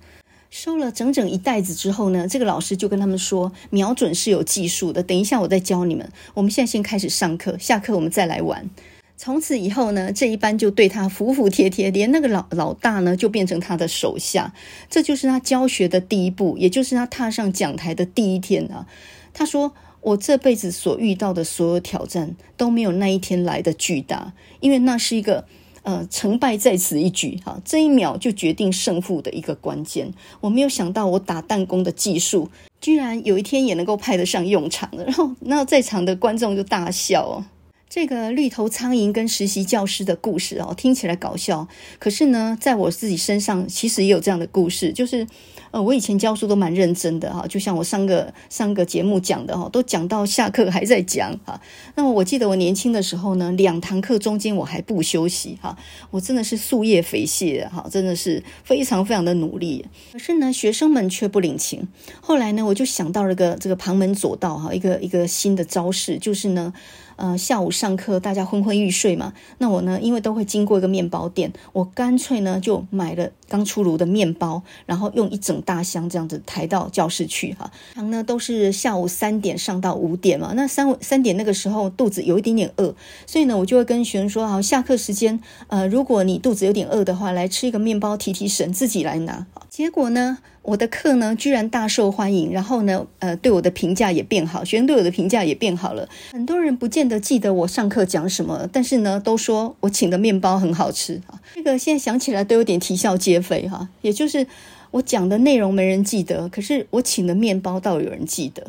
收了整整一袋子之後呢，這個老師就跟他們說：“瞄準是有技術的，等一下我再教你們。我們現在先開始上課，下課我們再來玩。”從此以後呢，這一班就對他服服帖帖，連那個老老大呢，就變成他的手下。這就是他教學的第一步，也就是他踏上講台的第一天啊。他說：“我這輩子所遇到的所有挑戰都沒有那一天來得巨大，因為那是一個。”呃，成敗在此一舉哈，這一秒就決定勝負的一個關鍵。我沒有想到，我打彈弓的技術居然有一天也能夠派得上用場了。然後，那在場的觀眾就大笑哦。這個綠頭蒼蠅跟實習教師的故事哦，聽起來搞笑，可是呢，在我自己身上其實也有這樣的故事。就是，呃，我以前教書都蠻認真的哈，就像我上個上個節目講的哈，都講到下課還在講哈。那麼，我記得我年輕的時候呢，兩堂課中間我還不休息哈，我真的是夙夜匪懈哈，真的是非常非常的努力。可是呢，學生們卻不領情。後來呢，我就想到了一個這個旁門左道哈，一個一個新的招式，就是呢。呃，下午上課大家昏昏欲睡嘛，那我呢，因為都會經過一個麵包店，我乾脆呢就買了剛出爐的麵包，然後用一整大箱這樣子抬到教室去哈。然後呢，都是下午三點上到五點嘛，那三三點那個時候肚子有一點點餓，所以呢我就會跟學生說，好，下課時間，呃，如果你肚子有點餓的話，來吃一個麵包提提神，自己來拿。結果呢？我的課呢，居然大受歡迎，然後呢，呃，對我的評價也變好，學生對我的評價也變好了。很多人不見得記得我上課講什麼，但是呢，都說我請的麵包很好吃哈，這個現在想起來都有點啼笑皆非哈。也就是我講的內容沒人記得，可是我請的麵包倒有人記得。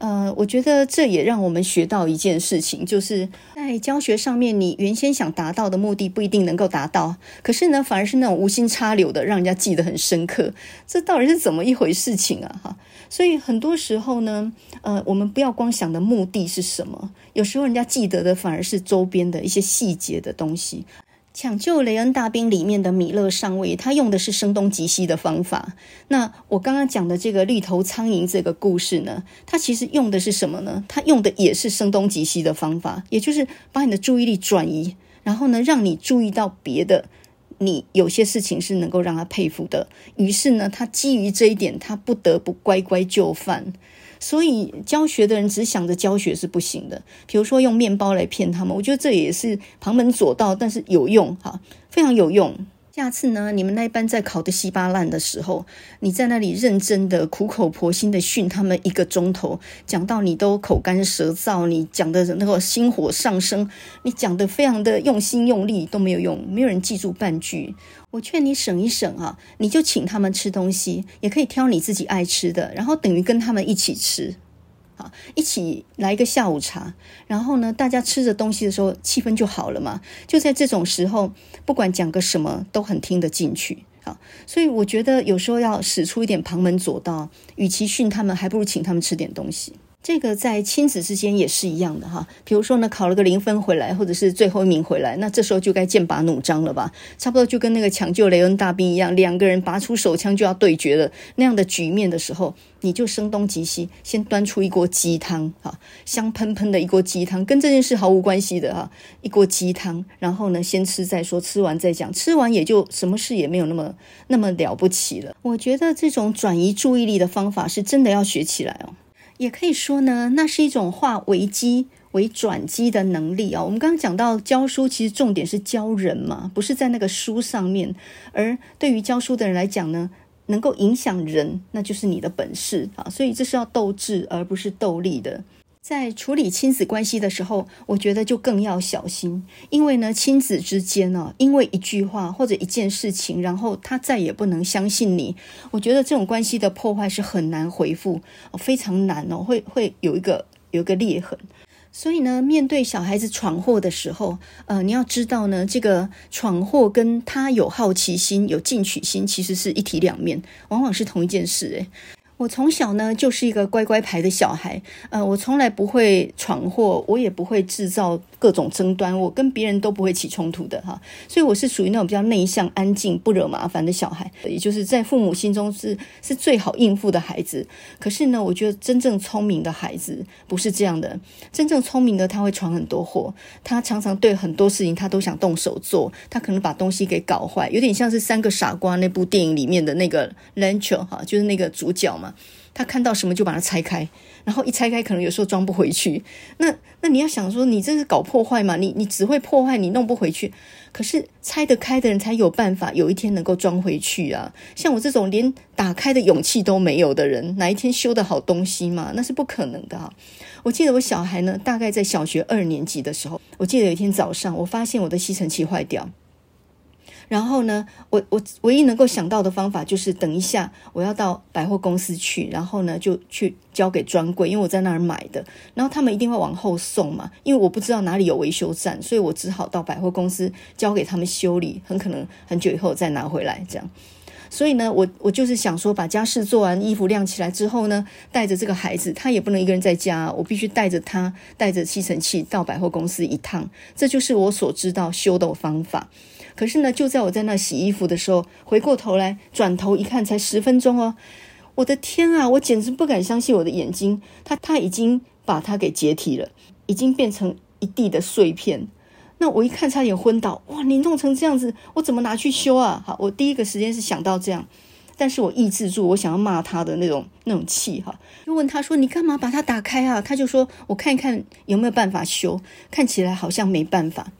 呃，我覺得這也讓我們學到一件事情，就是在教學上面，你原先想達到的目的不一定能夠達到，可是呢，反而是那種無心插柳的，讓人家記得很深刻。這到底是怎麼一回事情啊？哈，所以很多時候呢，呃，我們不要光想的目的是什麼，有時候人家記得的反而是周邊的一些細節的東西。搶救雷恩大兵裡面的米勒上尉，他用的是聲東擊西的方法。那我剛剛講的這個綠頭蒼蠅這個故事呢，他其實用的是什麼呢？他用的也是聲東擊西的方法，也就是把你的注意力轉移，然後呢，讓你注意到別的，你有些事情是能夠讓他佩服的。於是呢，他基於這一點，他不得不乖乖就範。所以教學的人只想着教學是不行的。比如說用麵包來騙他們，我覺得這也是旁門左道，但是有用哈，非常有用。下次呢，你們那一班在考得稀巴爛的時候，你在那裡認真的、苦口婆心的訓他們一個鐘頭，講到你都口乾舌燥，你講的那個心火上升，你講得非常的用心用力都沒有用，沒有人記住半句。我勸你省一省啊，你就請他們吃東西，也可以挑你自己愛吃的，然後等於跟他們一起吃，啊，一起來一個下午茶，然後呢，大家吃着東西的時候，氣氛就好了嘛。就在這種時候，不管講個什麼，都很聽得進去啊。所以我覺得有時候要使出一點旁門左道，與其訓他們，還不如請他們吃點東西。這個在親子之間也是一樣的哈，比如說呢，考了個零分回來，或者是最後一名回來，那這時候就該劍拔弩張了吧？差不多就跟那個搶救雷恩大兵一樣，兩個人拔出手槍就要對決了那樣的局面的時候，你就聲東擊西，先端出一鍋雞湯哈，香噴噴的一鍋雞湯，跟這件事毫無關係的哈，一鍋雞湯，然後呢，先吃再說，吃完再講，吃完也就什麼事也沒有那麼那麼了不起了。我覺得這種轉移注意力的方法是真的要學起來哦。也可以說呢，那是一種化危機為轉機的能力啊、哦。我們剛剛講到教書，其實重點是教人嘛，不是在那個書上面。而對於教書的人來講呢，能夠影響人，那就是你的本事啊。所以這是要鬥智而不是鬥力的。在處理親子關係的時候，我覺得就更要小心，因為呢，親子之間呢、哦，因為一句話或者一件事情，然後他再也不能相信你。我覺得這種關係的破壞是很難恢復，非常難哦，會會有一個有一個裂痕。所以呢，面對小孩子闖禍的時候，呃，你要知道呢，這個闖禍跟他有好奇心、有進取心，其實是一體兩面，往往是同一件事、欸。我從小呢就是一個乖乖牌的小孩，呃，我從來不會闖禍，我也不會製造各種爭端，我跟別人都不會起衝突的哈，所以我是屬於那種比較內向、安靜、不惹麻煩的小孩，也就是在父母心中是是最好應付的孩子。可是呢，我覺得真正聰明的孩子不是這樣的，真正聰明的他會闖很多禍，他常常對很多事情他都想動手做，他可能把東西給搞壞，有點像是《三個傻瓜》那部電影裡面的那個 Rancho 哈，就是那個主角嘛。他看到什麼就把它拆開，然後一拆開可能有時候裝不回去。那那你要想說，你這是搞破壞嘛？你你只會破壞，你弄不回去。可是拆得開的人才有辦法，有一天能夠裝回去啊！像我這種連打開的勇氣都沒有的人，哪一天修得好東西嘛？那是不可能的啊！我記得我小孩呢，大概在小學二年級的時候，我記得有一天早上，我發現我的吸塵器壞掉。然後呢，我我唯一能夠想到的方法就是等一下，我要到百貨公司去，然後呢就去交給專櫃，因為我在那兒買的，然後他們一定會往後送嘛，因為我不知道哪裡有維修站，所以我只好到百貨公司交給他們修理，很可能很久以後再拿回來這樣。所以呢，我我就是想說，把家事做完，衣服晾起來之後呢，帶着這個孩子，他也不能一個人在家啊，我必須帶着他，帶着吸塵器到百貨公司一趟，這就是我所知道修的方法。可是呢，就在我在那洗衣服的時候，回過頭來轉頭一看，才十分鐘哦！我的天啊，我簡直不敢相信我的眼睛，他他已經把它給解體了，已經變成一地的碎片。那我一看，差點昏倒。哇，你弄成這樣子，我怎麼拿去修啊？好，我第一個時間是想到這樣，但是我抑制住我想要罵他的那種那種氣哈，就問他說：“你幹嘛把它打開啊？”他就說：“我看一看有沒有辦法修，看起來好像沒辦法。”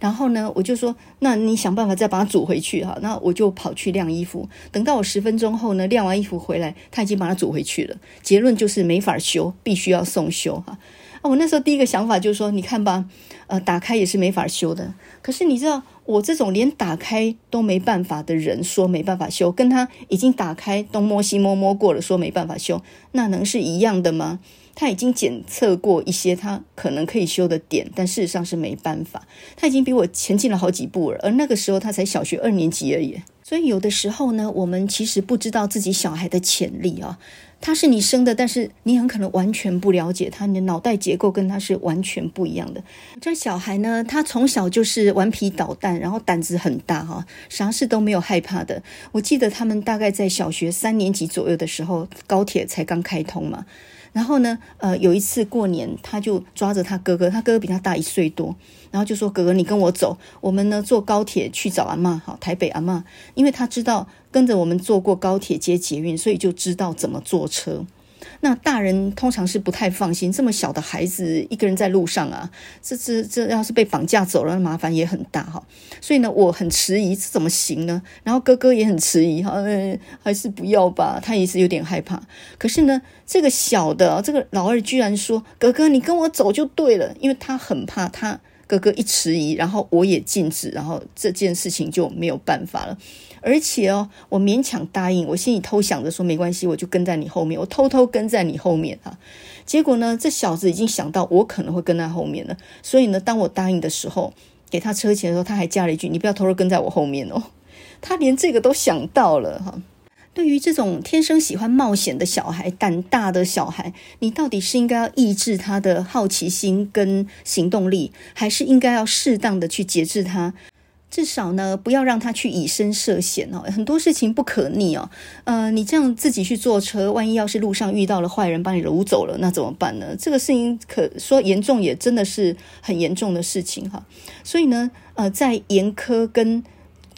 然後呢，我就說，那你想辦法再把它組回去哈。那我就跑去晾衣服。等到我十分鐘後呢，晾完衣服回來，他已經把它組回去了。結論就是沒法修，必須要送修哈。啊，我那時候第一個想法就是說，你看吧，呃，打開也是沒法修的。可是你知道，我這種連打開都沒辦法的人說沒辦法修，跟他已經打開東摸西摸摸過了說沒辦法修，那能是一樣的嗎？他已經檢測過一些他可能可以修的點，但事實上是沒辦法。他已經比我前進了好幾步了，而那個時候他才小學二年級而已。所以有的時候呢，我們其實不知道自己小孩的潛力啊。他是你生的，但是你很可能完全不了解他。你的腦袋結構跟他是完全不一樣的。這小孩呢，他從小就是頑皮搗蛋，然後膽子很大哈，啥事都沒有害怕的。我記得他們大概在小學三年級左右的時候，高鐵才剛開通嘛。然後呢，呃，有一次過年，他就抓着他哥哥，他哥哥比他大一歲多，然後就說：“哥哥，你跟我走，我們呢坐高鐵去找阿嬤，好，台北阿嬤。”因為他知道跟着我們坐過高鐵、接捷運，所以就知道怎麼坐車。那大人通常是不太放心，這麼小的孩子一個人在路上啊，這這這要是被綁架走了，麻煩也很大哈。所以呢，我很遲疑，這怎麼行呢？然後哥哥也很遲疑，哈、哎，還是不要吧，他也是有點害怕。可是呢，這個小的，這個老二居然說：“哥哥，你跟我走就對了，因為他很怕他。”哥哥一遲疑，然後我也禁止，然後這件事情就沒有辦法了。而且哦，我勉強答應，我心裡偷想着說沒關係，我就跟在你後面，我偷偷跟在你後面啊。結果呢，這小子已經想到我可能會跟在後面了，所以呢，當我答應的時候，給他車錢的時候，他還加了一句：“你不要偷偷跟在我後面哦。”他連這個都想到了哈、啊。對於這種天生喜歡冒險的小孩，膽大的小孩，你到底是應該要抑制他的好奇心跟行動力，還是應該要適當的去節制他？至少呢，不要讓他去以身涉險哦。很多事情不可逆哦。呃，你這樣自己去坐車，萬一要是路上遇到了壞人，把你擄走了，那怎麼辦呢？這個事情可說嚴重，也真的是很嚴重的事情哈。所以呢，呃，在嚴苛跟。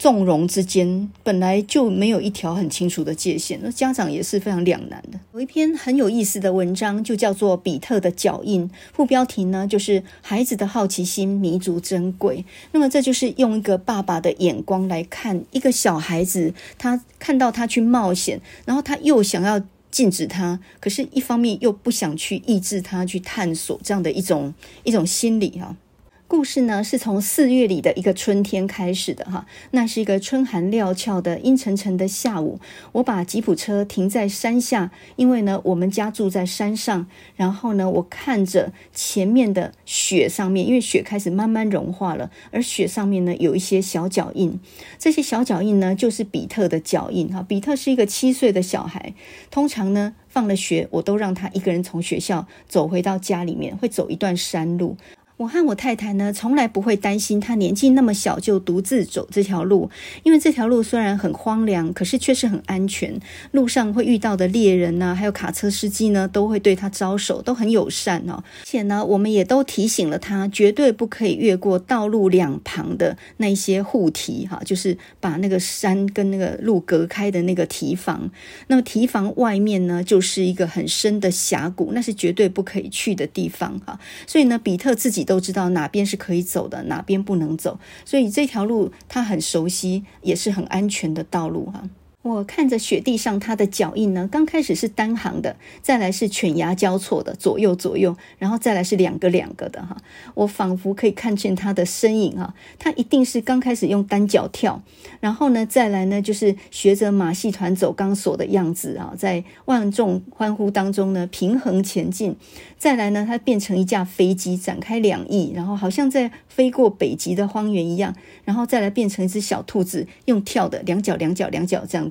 縱容之間本來就沒有一條很清楚的界限，那家長也是非常兩難的。有一篇很有意思的文章，就叫做《彼特的腳印》，副標題呢就是“孩子的好奇心彌足珍貴”。那麼這就是用一個爸爸的眼光來看一個小孩子，他看到他去冒險，然後他又想要禁止他，可是一方面又不想去抑制他去探索，這樣的一種一種心理哈、啊。故事呢，是從四月裡的一個春天開始的哈。那是一個春寒料峭的陰沉沉的下午，我把吉普車停在山下，因為呢，我們家住在山上。然後呢，我看着前面的雪上面，因為雪開始慢慢融化了，而雪上面呢，有一些小腳印。這些小腳印呢，就是彼特的腳印哈。彼特是一個七歲的小孩，通常呢，放了學，我都讓他一個人從學校走回到家裡面，會走一段山路。我和我太太呢，從來不會擔心他年紀那麼小就獨自走這條路，因為這條路雖然很荒涼，可是確實很安全。路上會遇到的獵人呢、啊，還有卡車司機呢，都會對他招手，都很友善哦。而且呢，我們也都提醒了他，絕對不可以越過道路兩旁的那些護堤，哈、哦，就是把那個山跟那個路隔開的那個堤防。那麼堤防外面呢，就是一個很深的峽谷，那是絕對不可以去的地方，哈、哦。所以呢，彼特自己都。都知道哪邊是可以走的，哪邊不能走，所以這條路他很熟悉，也是很安全的道路哈、啊。我看着雪地上它的腳印呢，剛開始是單行的，再來是犬牙交錯的，左右左右，然後再來是兩個兩個的哈，我仿佛可以看見它的身影啊，它一定是剛開始用單腳跳，然後呢再來呢就是學着馬戲團走鋼索的樣子啊，在萬眾歡呼當中呢平衡前進，再來呢它變成一架飛機展開兩翼，然後好像在飛過北極的荒原一樣，然後再來變成一只小兔子用跳的兩腳兩腳兩腳這樣。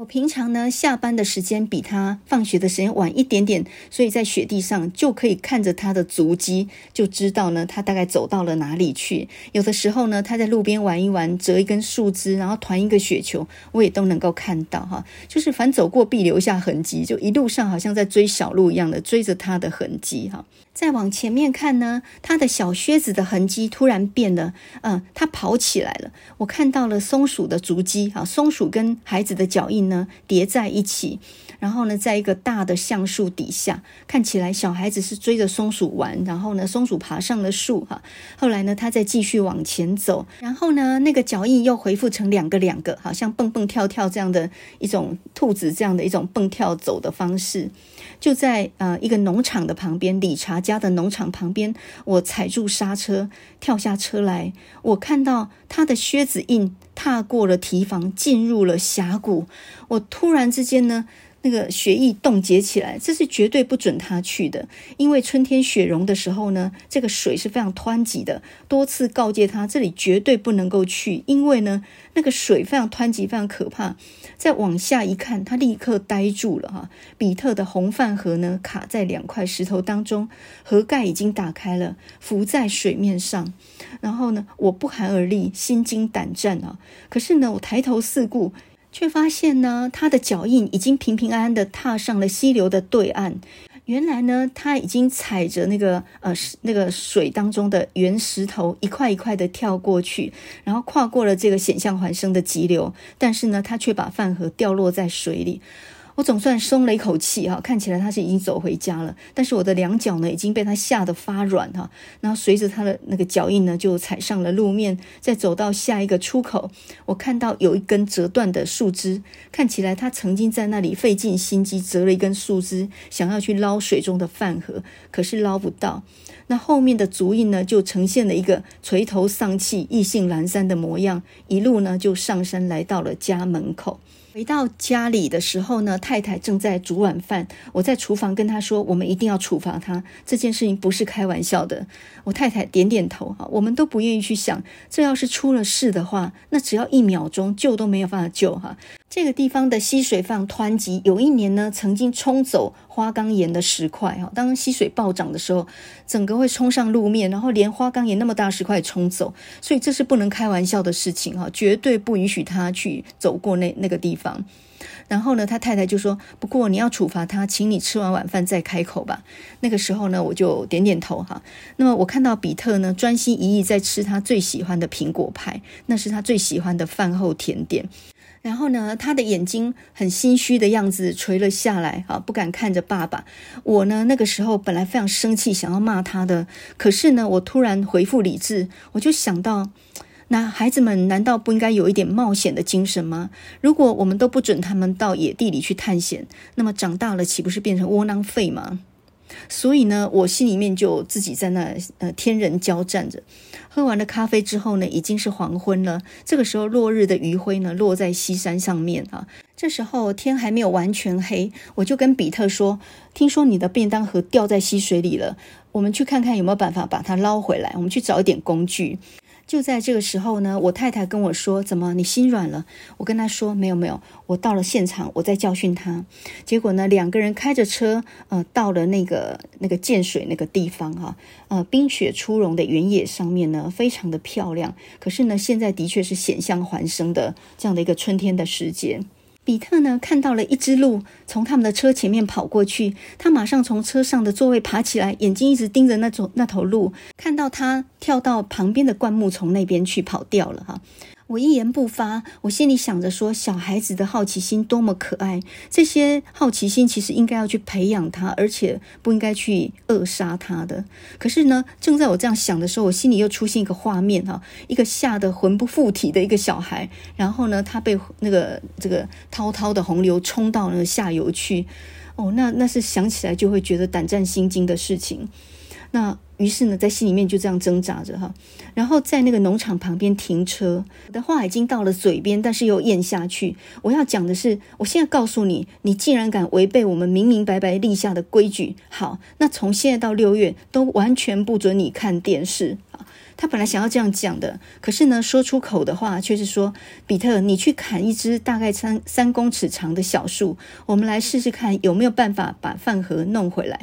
我平常呢，下班的時間比他放學的時間晚一點點，所以在雪地上就可以看着他的足跡，就知道呢，他大概走到了哪裡去。有的時候呢，他在路邊玩一玩，折一根樹枝，然後團一個雪球，我也都能夠看到哈。就是凡走過必留下痕跡，就一路上好像在追小鹿一樣的追着他的痕跡哈。再往前面看呢，他的小靴子的痕跡突然變了，嗯、呃，他跑起來了。我看到了松鼠的足跡啊，松鼠跟孩子的腳印。呢疊在一起，然後呢，在一個大的橡樹底下，看起來小孩子是追着松鼠玩，然後呢，松鼠爬上了樹哈，後來呢，它再繼續往前走，然後呢，那個腳印又回復成兩個兩個，好像蹦蹦跳跳這樣的一種兔子這樣的一種蹦跳走的方式。就在呃一個農場的旁邊，理查家的農場旁邊，我踩住剎車，跳下車來。我看到他的靴子印踏過了堤防，進入了峽谷。我突然之間呢，那個血液凍結起來。這是絕對不准他去的，因為春天雪融的時候呢，這個水是非常湍急的。多次告誡他，這裡絕對不能夠去，因為呢，那個水非常湍急，非常可怕。再往下一看，他立刻呆住了哈、啊！彼特的紅飯盒呢，卡在兩塊石頭當中，盒蓋已經打開了，浮在水面上。然後呢，我不寒而栗，心驚膽戰啊！可是呢，我抬頭四顧，卻發現呢，他的腳印已經平平安安地踏上了溪流的對岸。原來呢，他已經踩着那個呃，那個水當中的圓石頭一塊一塊的跳過去，然後跨過了這個險象環生的急流，但是呢，他卻把飯盒掉落在水裡。我總算鬆了一口氣哈，看起來他是已經走回家了，但是我的兩腳呢已經被他嚇得發軟哈。然後隨着他的那個腳印呢，就踩上了路面，再走到下一個出口，我看到有一根折斷的樹枝，看起來他曾經在那裡費盡心機折了一根樹枝，想要去撈水中的飯盒，可是撈不到。那後面的足印呢，就呈現了一個垂頭喪氣、意興闌珊的模樣，一路呢就上山來到了家門口。回到家裡的時候呢，太太正在煮晚飯。我在廚房跟她說：“我們一定要處罰他，這件事情不是開玩笑的。”我太太點點頭，哈，我們都不願意去想，這要是出了事的話，那只要一秒鐘救都沒有辦法救，哈。這個地方的溪水非常湍急，有一年呢，曾經沖走花崗岩的石塊哈，當溪水暴漲的時候，整個會衝上路面，然後連花崗岩那麼大石塊衝走，所以這是不能開玩笑的事情，絕對不允許他去走過那那個地方。然後呢，他太太就說：“不過你要處罰他，請你吃完晚飯再開口吧。”那個時候呢，我就點點頭哈。那麼我看到彼特呢，專心一意在吃他最喜歡的蘋果派，那是他最喜歡的飯後甜點。然後呢，他的眼睛很心虛的樣子垂了下來，啊，不敢看着爸爸。我呢，那個時候本來非常生氣，想要罵他的，可是呢，我突然回復理智，我就想到，那孩子們難道不應該有一點冒險的精神嗎？如果我們都不准他們到野地裡去探險，那麼長大了豈不是變成窩囊廢嗎？所以呢，我心裡面就自己在那呃天人交戰着。喝完了咖啡之後呢，已經是黃昏了。這個時候，落日的餘暉呢，落在西山上面啊。這時候天還沒有完全黑，我就跟彼特說：“聽說你的便當盒掉在溪水裡了，我們去看看有沒有辦法把它撈回來。我們去找一點工具。”就在這個時候呢，我太太跟我說：“怎麼你心軟了？”我跟她說：“沒有沒有，我到了現場，我在教訓她。”結果呢，兩個人開着車，呃，到了那個那個建水那個地方哈、啊，呃，冰雪初融的原野上面呢，非常的漂亮。可是呢，現在的確是險象環生的這樣的一個春天的時間。彼特呢，看到了一隻鹿，從他們的車前面跑過去，他馬上從車上的座位爬起來，眼睛一直盯着那頭那頭鹿，看到它跳到旁邊的灌木叢那邊去跑掉了哈。我一言不發，我心裡想着說，小孩子的好奇心多麼可愛，這些好奇心其實應該要去培養他，而且不應該去扼殺他的。可是呢，正在我這樣想的時候，我心裡又出現一個畫面哈，一個嚇得魂不附體的一個小孩，然後呢，他被那個這個滔滔的洪流沖到了下游去，哦，那那是想起來就會覺得膽戰心驚的事情。那於是呢，在心裡面就這樣掙扎着哈，然後在那個農場旁邊停車，我的話已經到了嘴邊，但是又嚥下去。我要講的是，我現在告訴你，你竟然敢違背我們明明白白立下的規矩。好，那從現在到六月都完全不准你看電視啊。他本來想要這樣講的，可是呢，說出口的話卻是說：“彼特，你去砍一隻大概三三公尺長的小樹，我們來試試看有沒有辦法把飯盒弄回來。”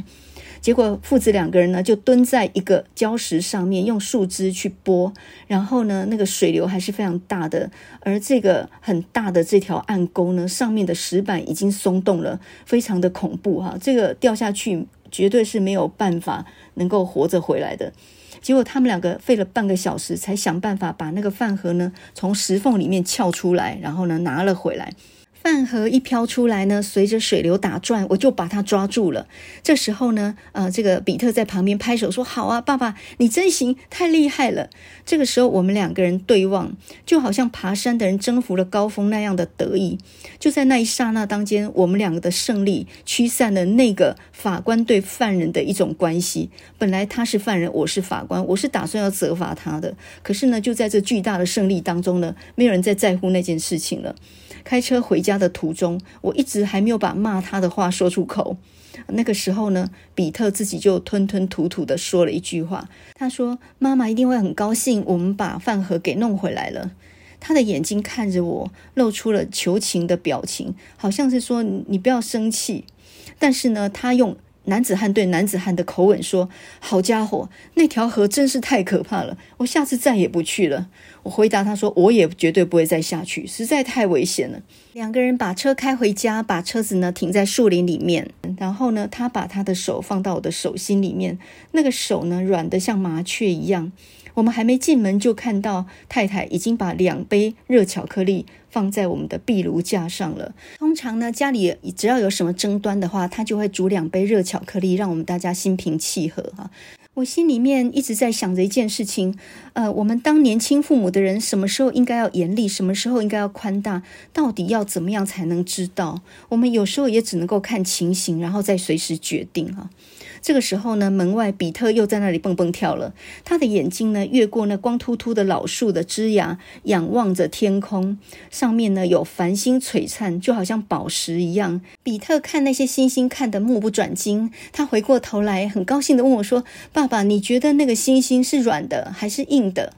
結果父子兩個人呢，就蹲在一個礁石上面，用樹枝去撥。然後呢，那個水流還是非常大的，而這個很大的這條暗溝呢，上面的石板已經鬆動了，非常的恐怖哈、啊。這個掉下去絕對是沒有辦法能夠活着回來的。結果他們兩個費了半個小時，才想辦法把那個飯盒呢從石縫裡面撬出來，然後呢拿了回來。飯盒一飄出來呢，隨着水流打轉，我就把他抓住了。這時候呢，呃，這個彼特在旁邊拍手說：“好啊，爸爸，你真行，太厲害了！”這個時候，我們兩個人對望，就好像爬山的人征服了高峰那樣的得意。就在那一剎那當間，我們兩個的勝利驅散了那個法官對犯人的一種關係。本來他是犯人，我是法官，我是打算要責罰他的。可是呢，就在這巨大的勝利當中呢，沒有人再在在乎那件事情了。開車回家的途中，我一直還沒有把罵他的話說出口。那個時候呢，彼特自己就吞吞吐吐地說了一句話，他說：“媽媽一定會很高興，我們把飯盒給弄回來了。”他的眼睛看着我，露出了求情的表情，好像是說：“你不要生氣。”但是呢，他用男子漢對男子漢的口吻說：“好家伙，那條河真是太可怕了，我下次再也不去了。”我回答他說：“我也絕對不會再下去，實在太危險了。”兩個人把車開回家，把車子呢停在樹林裡面。然後呢，他把他的手放到我的手心裡面，那個手呢軟得像麻雀一樣。我們還沒進門，就看到太太已經把兩杯熱巧克力放在我們的壁爐架上了。通常呢，家裡只要有什麼爭端的話，他就會煮兩杯熱巧克力，讓我們大家心平氣和哈、啊。我心裡面一直在想着一件事情，呃，我們當年輕父母的人什，什麼時候應該要嚴厲，什麼時候應該要寬大，到底要怎麼樣才能知道？我們有時候也只能夠看情形，然後再隨時決定啊。這個時候呢，門外比特又在那裡蹦蹦跳了。他的眼睛呢，越過那光禿禿的老樹的枝椏，仰望着天空。上面呢，有繁星璀璨，就好像寶石一樣。比特看那些星星，看得目不轉睛。他回過頭來，很高興地問我說：“爸爸，你覺得那個星星是軟的還是硬的？”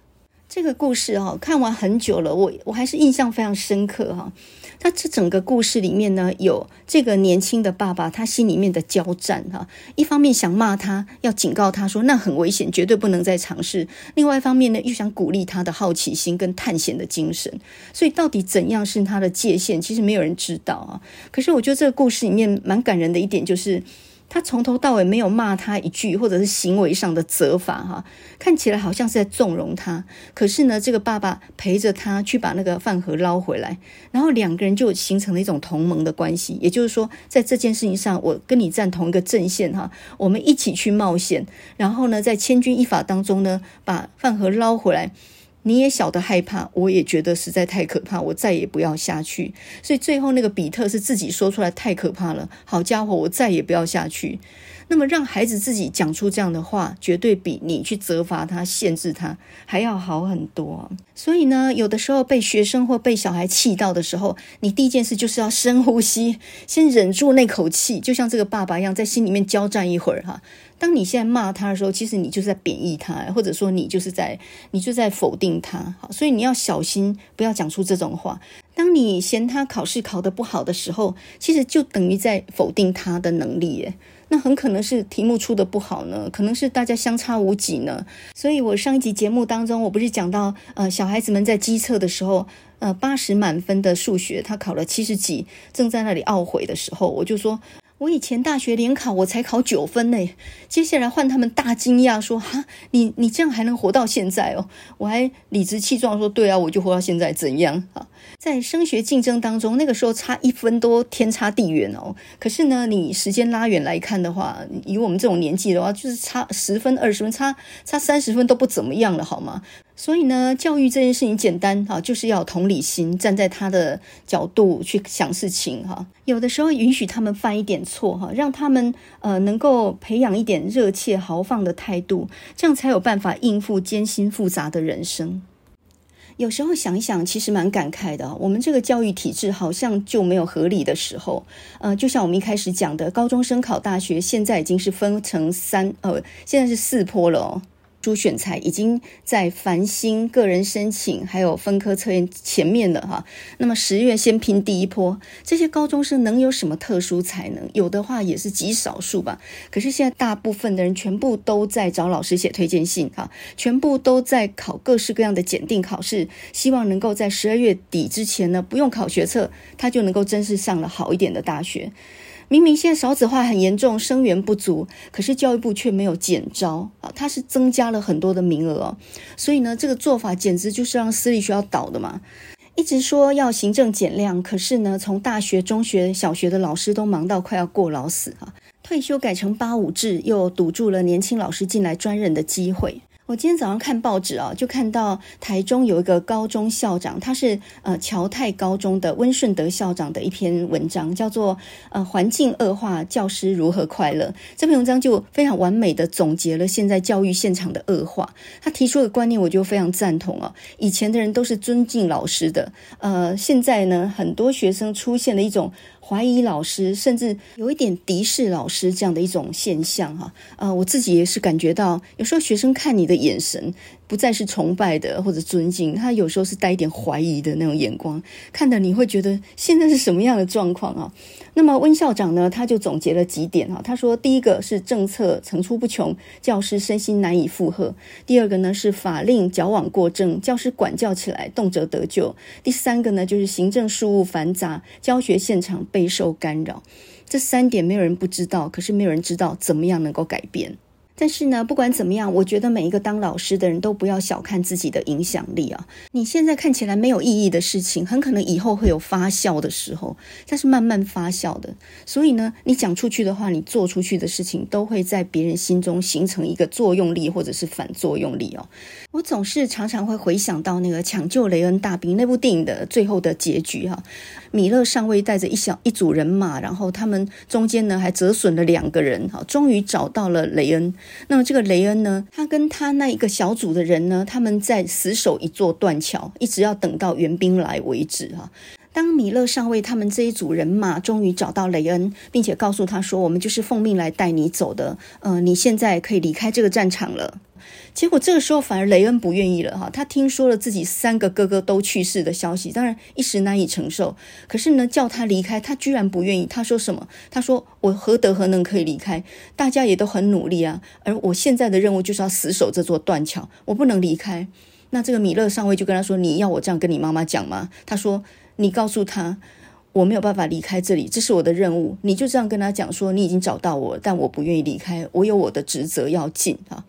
這個故事哈、哦，看完很久了，我我還是印象非常深刻哈、哦。他這整個故事裡面呢，有這個年輕的爸爸，他心裡面的交戰哈，一方面想罵他，要警告他說那很危險，絕對不能再嘗試；另外一方面呢，又想鼓勵他的好奇心跟探險的精神。所以到底怎樣是他的界限，其實沒有人知道啊。可是我覺得這個故事裡面蠻感人的一點就是。他從頭到尾沒有罵他一句，或者是行為上的責罰，哈，看起來好像是在縱容他。可是呢，這個爸爸陪着他去把那個飯盒撈回來，然後兩個人就形成了一種同盟的關係。也就是說，在這件事情上，我跟你站同一個陣線，哈，我們一起去冒險。然後呢，在千鈞一髮當中呢，把飯盒撈回來。你也曉得害怕，我也覺得實在太可怕，我再也不要下去。所以最後那個彼特是自己說出來太可怕了，好家伙，我再也不要下去。那麼讓孩子自己講出這樣的話，絕對比你去責罰他、限制他還要好很多。所以呢，有的時候被學生或被小孩氣到的時候，你第一件事就是要深呼吸，先忍住那口氣，就像這個爸爸一樣，在心裡面交戰一會兒哈、啊。當你現在罵他的時候，其實你就是在貶義他，或者說你就是在你就在否定他。好，所以你要小心，不要講出這種話。當你嫌他考試考得不好的時候，其實就等於在否定他的能力耶。那很可能是題目出得不好呢，可能是大家相差無幾呢。所以我上一集節目當中，我不是講到呃小孩子們在基測的時候，呃八十滿分的數學他考了七十幾，正在那裡懊悔的時候，我就說。我以前大學聯考，我才考九分嘞。接下來換他們大驚訝說：“哈，你你這樣還能活到現在哦？”我還理直氣壯說：“對啊，我就活到現在，怎樣啊？”在升學競爭當中，那個時候差一分多天差地遠哦。可是呢，你時間拉遠來看的話，以我們這種年紀的話，就是差十分、二十分，差差三十分都不怎麼樣了，好嗎？所以呢，教育這件事情簡單哈、啊，就是要同理心，站在他的角度去想事情，哈、啊。有的時候允許他們犯一點錯，哈、啊，讓他們呃能夠培養一點熱切豪放的態度，這樣才有辦法應付艱辛複雜的人生。有時候想一想，其實蠻感慨的，我們這個教育體制好像就沒有合理的時候。呃、啊，就像我們一開始講的，高中生考大學現在已經是分成三呃，現在是四波了，哦朱選才已經在繁星個人申請還有分科測驗前面了哈，那麼十月先拼第一波，這些高中生能有什麼特殊才能？有的話也是極少數吧。可是現在大部分的人全部都在找老師寫推薦信哈，全部都在考各式各樣的檢定考試，希望能夠在十二月底之前呢，不用考學測，他就能夠正式上了好一點的大學。明明現在少子化很嚴重，生源不足，可是教育部卻沒有減招啊，它是增加了很多的名額，所以呢，這個做法簡直就是讓私立學校倒的嘛！一直說要行政減量，可是呢，從大學、中學、小學的老師都忙到快要過勞死啊，退休改成八五制，又堵住了年輕老師進來專任的機會。我今天早上看報紙啊，就看到台中有一個高中校長，他是呃僑泰高中的溫順德校長的一篇文章，叫做呃環境惡化，教師如何快樂。這篇文章就非常完美地總結了現在教育現場的惡化。他提出的觀念，我就非常贊同啊。以前的人都是尊敬老師的，呃，現在呢，很多學生出現了一種。懷疑老師，甚至有一點敵視老師這樣的一種現象，啊，哈，啊，我自己也是感覺到，有時候學生看你的眼神。不再是崇拜的或者尊敬，他有時候是帶一點懷疑的那種眼光看得，你會覺得現在是什麼樣的狀況啊？那麼溫校長呢，他就總結了幾點啊，他說：第一個是政策層出不窮，教師身心難以負荷；第二個呢是法令矯枉過正，教師管教起來動輒得咎；第三個呢就是行政事務繁雜，教學現場備受干擾。這三點沒有人不知道，可是沒有人知道怎麼樣能夠改變。但是呢，不管怎麼樣，我覺得每一個當老師的人都不要小看自己的影響力啊！你現在看起來沒有意義的事情，很可能以後會有發酵的時候，但是慢慢發酵的。所以呢，你講出去的話，你做出去的事情，都會在別人心中形成一個作用力或者是反作用力哦。我總是常常會回想到那個《搶救雷恩大兵》那部電影的最後的結局哈。米勒上尉帶着一小一組人馬，然後他們中間呢還折損了兩個人，哈，終於找到了雷恩。那麼這個雷恩呢，他跟他那一個小組的人呢，他們在死守一座斷橋，一直要等到援兵來為止，哈。當米勒上尉他們這一組人馬終於找到雷恩，並且告訴他說：“我們就是奉命來帶你走的，呃，你現在可以離開這個戰場了。”結果這個時候反而雷恩不願意了哈，他聽說了自己三個哥哥都去世的消息，當然一時難以承受。可是呢，叫他離開，他居然不願意。他說什麼？他說：“我何德何能可以離開？大家也都很努力啊，而我現在的任務就是要死守這座斷橋，我不能離開。”那這個米勒上尉就跟他說：“你要我這樣跟你媽媽講嗎？”他說：“你告訴他，我沒有辦法離開這裡，這是我的任務。你就這樣跟他講說，你已經找到我，但我不願意離開，我有我的職責要盡啊。”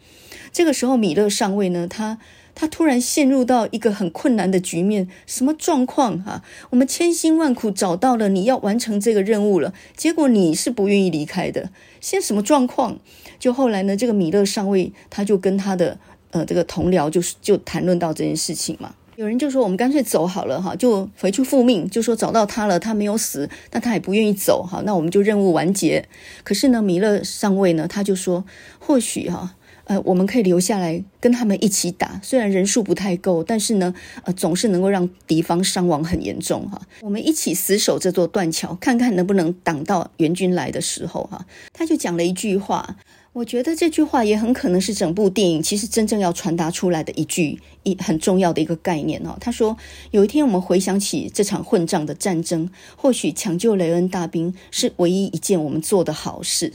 這個時候，米勒上尉呢，他他突然陷入到一個很困難的局面，什麼狀況哈，我們千辛萬苦找到了你要完成這個任務了，結果你是不願意離開的，現在什麼狀況？就後來呢，這個米勒上尉他就跟他的呃這個同僚就就談論到這件事情嘛，有人就說我們乾脆走好了哈，就回去復命，就說找到他了，他沒有死，但他也不願意走哈，那我們就任務完結。可是呢，米勒上尉呢，他就說或許哈。呃，我們可以留下來跟他們一起打，雖然人數不太夠，但是呢，呃，總是能夠讓敵方傷亡很嚴重哈。我們一起死守這座斷橋，看看能不能擋到援軍來的時候哈。他就講了一句話，我覺得這句話也很可能是整部電影其實真正要傳達出來的一句一很重要的一個概念哦。他說，有一天我們回想起這場混賬的戰爭，或許搶救雷恩大兵是唯一一件我們做的好事。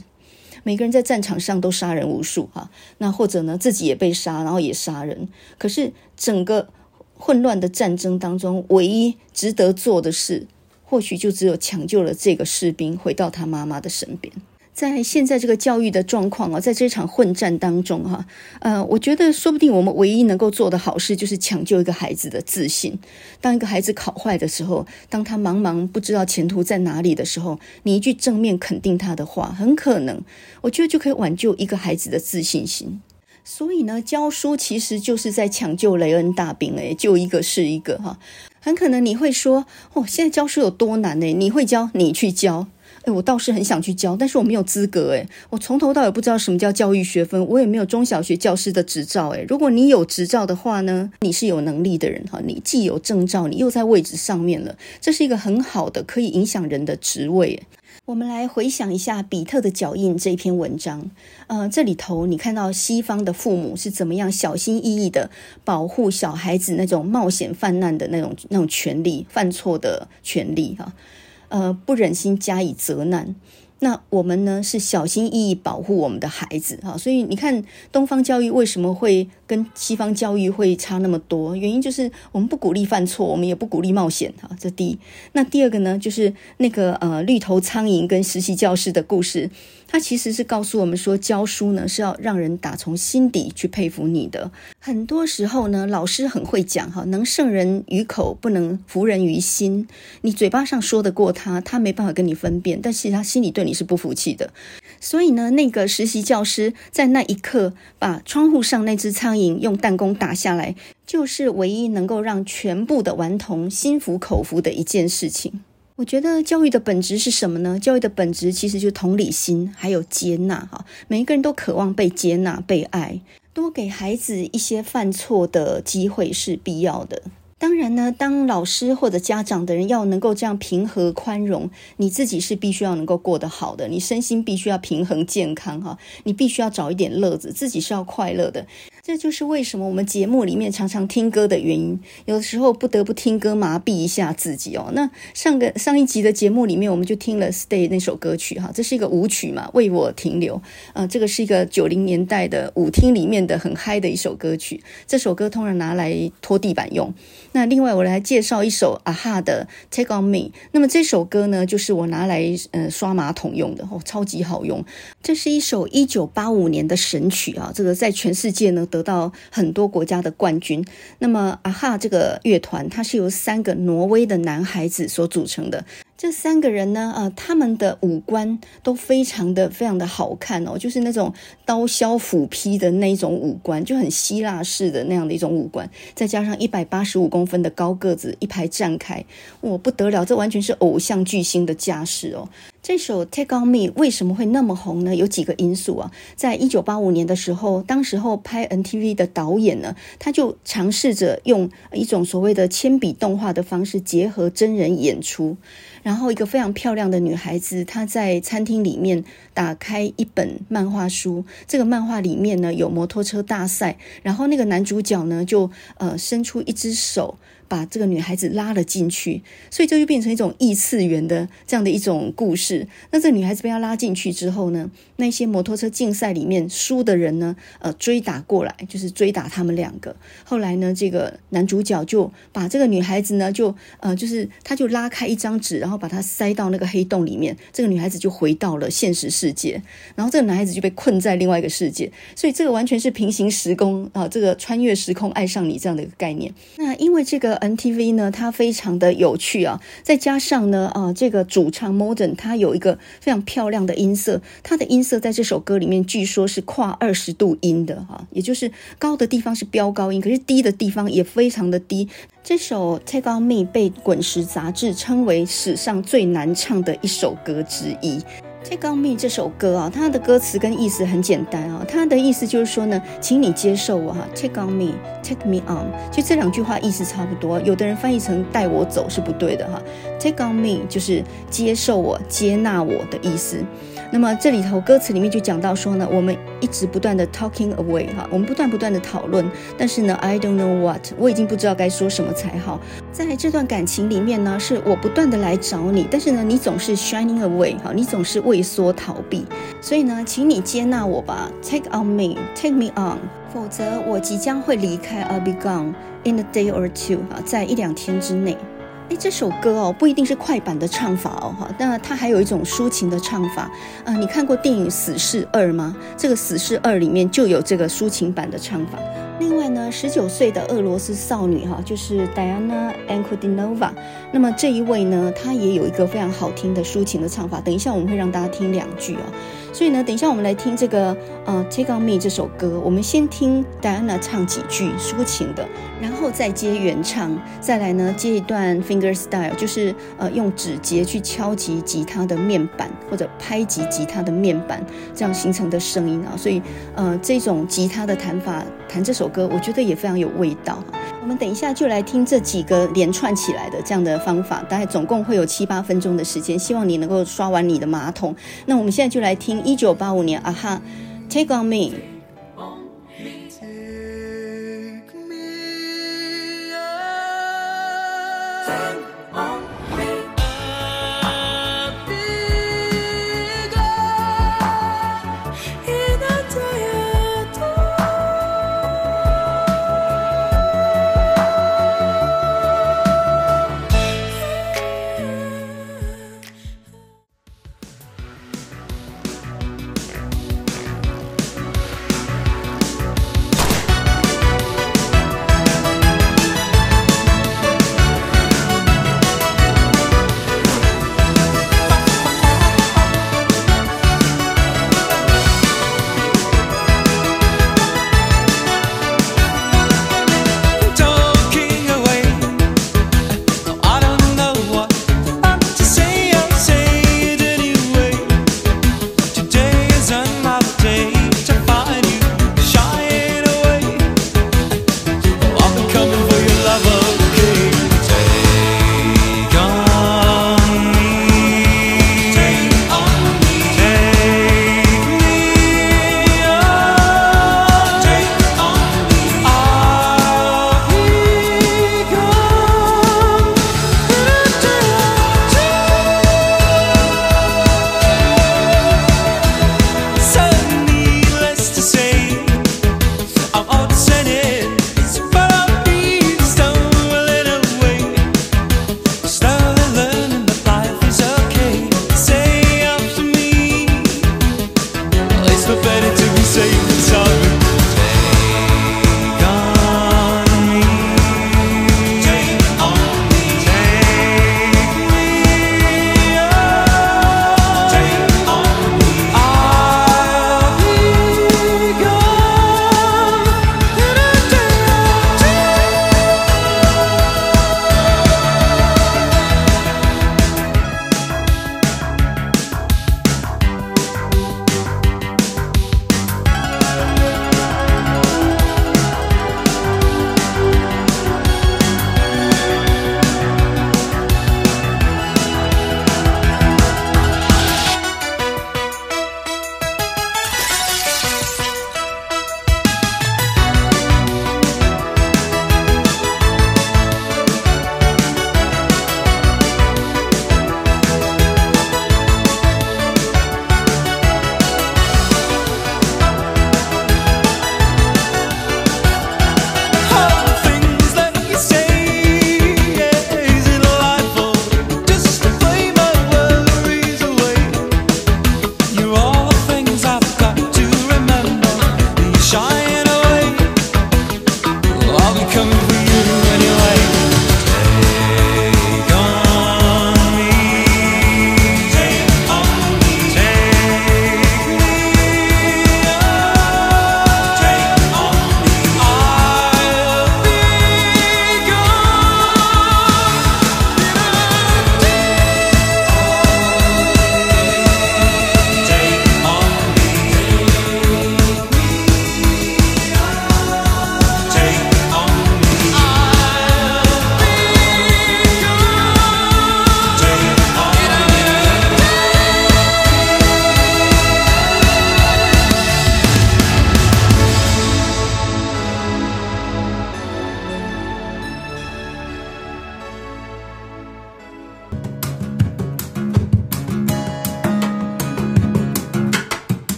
每個人在戰場上都殺人無數哈、啊，那或者呢，自己也被殺，然後也殺人。可是整個混亂的戰爭當中，唯一值得做的事，或許就只有搶救了這個士兵，回到他媽媽的身邊。在現在這個教育的狀況哦，在這場混戰當中哈，呃，我覺得說不定我們唯一能夠做的好事，就是搶救一個孩子的自信。當一個孩子考壞的時候，當他茫茫不知道前途在哪裡的時候，你一句正面肯定他的話，很可能，我覺得就可以挽救一個孩子的自信心。所以呢，教書其實就是在搶救雷恩大兵誒，欸，救一個是一個哈。很可能你會說哦，現在教書有多難呢，欸？你會教，你去教。哎，我倒是很想去教，但是我沒有資格。哎，我從頭到尾不知道什麼叫教育學分，我也沒有中小學教師的執照。哎，如果你有執照的話呢，你是有能力的人哈，你既有證照，你又在位置上面了，這是一個很好的可以影響人的職位。我們來回想一下《彼特的腳印》這一篇文章，呃，這裡頭你看到西方的父母是怎麼樣小心翼翼的保護小孩子那種冒險犯難的那種那種權利、犯錯的權利哈。呃，不忍心加以責難，那我們呢，是小心翼翼保護我們的孩子哈，所以你看東方教育為什麼會跟西方教育會差那麼多？原因就是我們不鼓勵犯錯，我們也不鼓勵冒險哈，這第一。那第二個呢，就是那個呃綠頭蒼蠅跟實習教師的故事。他其實是告訴我們說，教書呢是要讓人打從心底去佩服你的。很多時候呢，老師很會講哈，能勝人於口，不能服人於心。你嘴巴上說得過他，他沒辦法跟你分辨，但是他心裡對你是不服氣的。所以呢，那個實習教師在那一刻把窗戶上那隻蒼蠅用彈弓打下來，就是唯一能夠讓全部的頑童心服口服的一件事情。我覺得教育的本質是什麼呢？教育的本質其實就是同理心，還有接納哈。每一個人都渴望被接納、被愛。多給孩子一些犯錯的機會是必要的。當然呢，當老師或者家長的人要能夠這樣平和、寬容，你自己是必須要能夠過得好的，你身心必須要平衡、健康哈。你必須要找一點樂子，自己是要快樂的。這就是為什麼我們節目裡面常常聽歌的原因，有的時候不得不聽歌麻痹一下自己哦。那上個上一集的節目裡面，我們就聽了《Stay》那首歌曲哈，這是一個舞曲嘛，為我停留。呃，這個是一個九零年代的舞廳裡面的很嗨的一首歌曲。這首歌通常拿來拖地板用。那另外，我來介紹一首 A-Ha 的《Take on Me》。那麼這首歌呢，就是我拿來、呃、刷馬桶用的哦，超級好用。這是一首一九八五年的神曲啊，這個在全世界呢。得到很多國家的冠軍。那麼，阿哈這個樂團，它是由三個挪威的男孩子所組成的。這三個人呢，啊，他們的五官都非常的非常的好看哦，就是那種刀削斧劈的那種五官，就很希臘式的那樣的一種五官，再加上一百八十五公分的高個子，一排站開，哇、哦，不得了，這完全是偶像巨星的架勢哦。這首《Take On Me》為什麼會那麼紅呢？有幾個因素啊。在一九八五年的時候，當時候拍 MTV 的導演呢，他就嘗試着用一種所謂的鉛筆動畫的方式結合真人演出。然後，一個非常漂亮的女孩子，她在餐廳裡面打開一本漫畫書。這個漫畫裡面呢，有摩托車大賽。然後，那個男主角呢，就呃伸出一隻手。把這個女孩子拉了進去，所以這就變成一種異次元的這樣的一種故事。那這個女孩子被他拉進去之後呢，那些摩托車競賽裡面輸的人呢，呃，追打過來，就是追打他們兩個。後來呢，這個男主角就把這個女孩子呢，就呃，就是他就拉開一張紙，然後把她塞到那個黑洞裡面。這個女孩子就回到了現實世界，然後這個男孩子就被困在另外一個世界。所以這個完全是平行時空啊，呃，這個穿越時空愛上你這樣的一個概念。那因為這個。NTV 呢，它非常的有趣啊，再加上呢，啊，這個主唱 Morten，他有一個非常漂亮的音色，他的音色在這首歌裡面據說是跨二十度音的哈、啊，也就是高的地方是飆高音，可是低的地方也非常的低。這首《Take on Me》被滾石雜誌稱為史上最難唱的一首歌之一。Take on me 這首歌啊，它的歌詞跟意思很簡單啊，它的意思就是說呢，請你接受我哈、啊、，Take on me，Take me on，就這兩句話意思差不多。有的人翻譯成帶我走是不對的哈、啊、，Take on me 就是接受我、接納我的意思。那麼這裡頭歌詞裡面就講到說呢，我們。一直不斷的 talking away 哈，我們不斷不斷的討論，但是呢，I don't know what，我已經不知道該說什麼才好。在這段感情裡面呢，是我不斷的來找你，但是呢，你總是 shining away 哈，你總是畏縮逃避，所以呢，請你接納我吧，take on me，take me on，否則我即將會離開，I'll be gone in a day or two 好，在一兩天之內。哎，這首歌哦，不一定是快板的唱法哦，哈，那它還有一種抒情的唱法啊、呃。你看過電影《死侍二》嗎？這個《死侍二》裡面就有這個抒情版的唱法。另外呢，十九歲的俄羅斯少女哈，就是 Diana Ankudinova，那麼這一位呢，她也有一個非常好聽的抒情的唱法。等一下我們會讓大家聽兩句哦。所以呢，等一下我們來聽這個呃《Take On Me》這首歌，我們先聽戴安娜唱幾句抒情的，然後再接原唱，再來呢接一段 finger style，就是呃用指節去敲擊吉他的面板或者拍擊吉他的面板，這樣形成的聲音啊。所以呃這種吉他的彈法彈這首歌，我覺得也非常有味道。我們等一下就來聽這幾個連串起來的這樣的方法，大概總共會有七八分鐘的時間，希望你能夠刷完你的馬桶。那我們現在就來聽1985年阿哈 Take on me。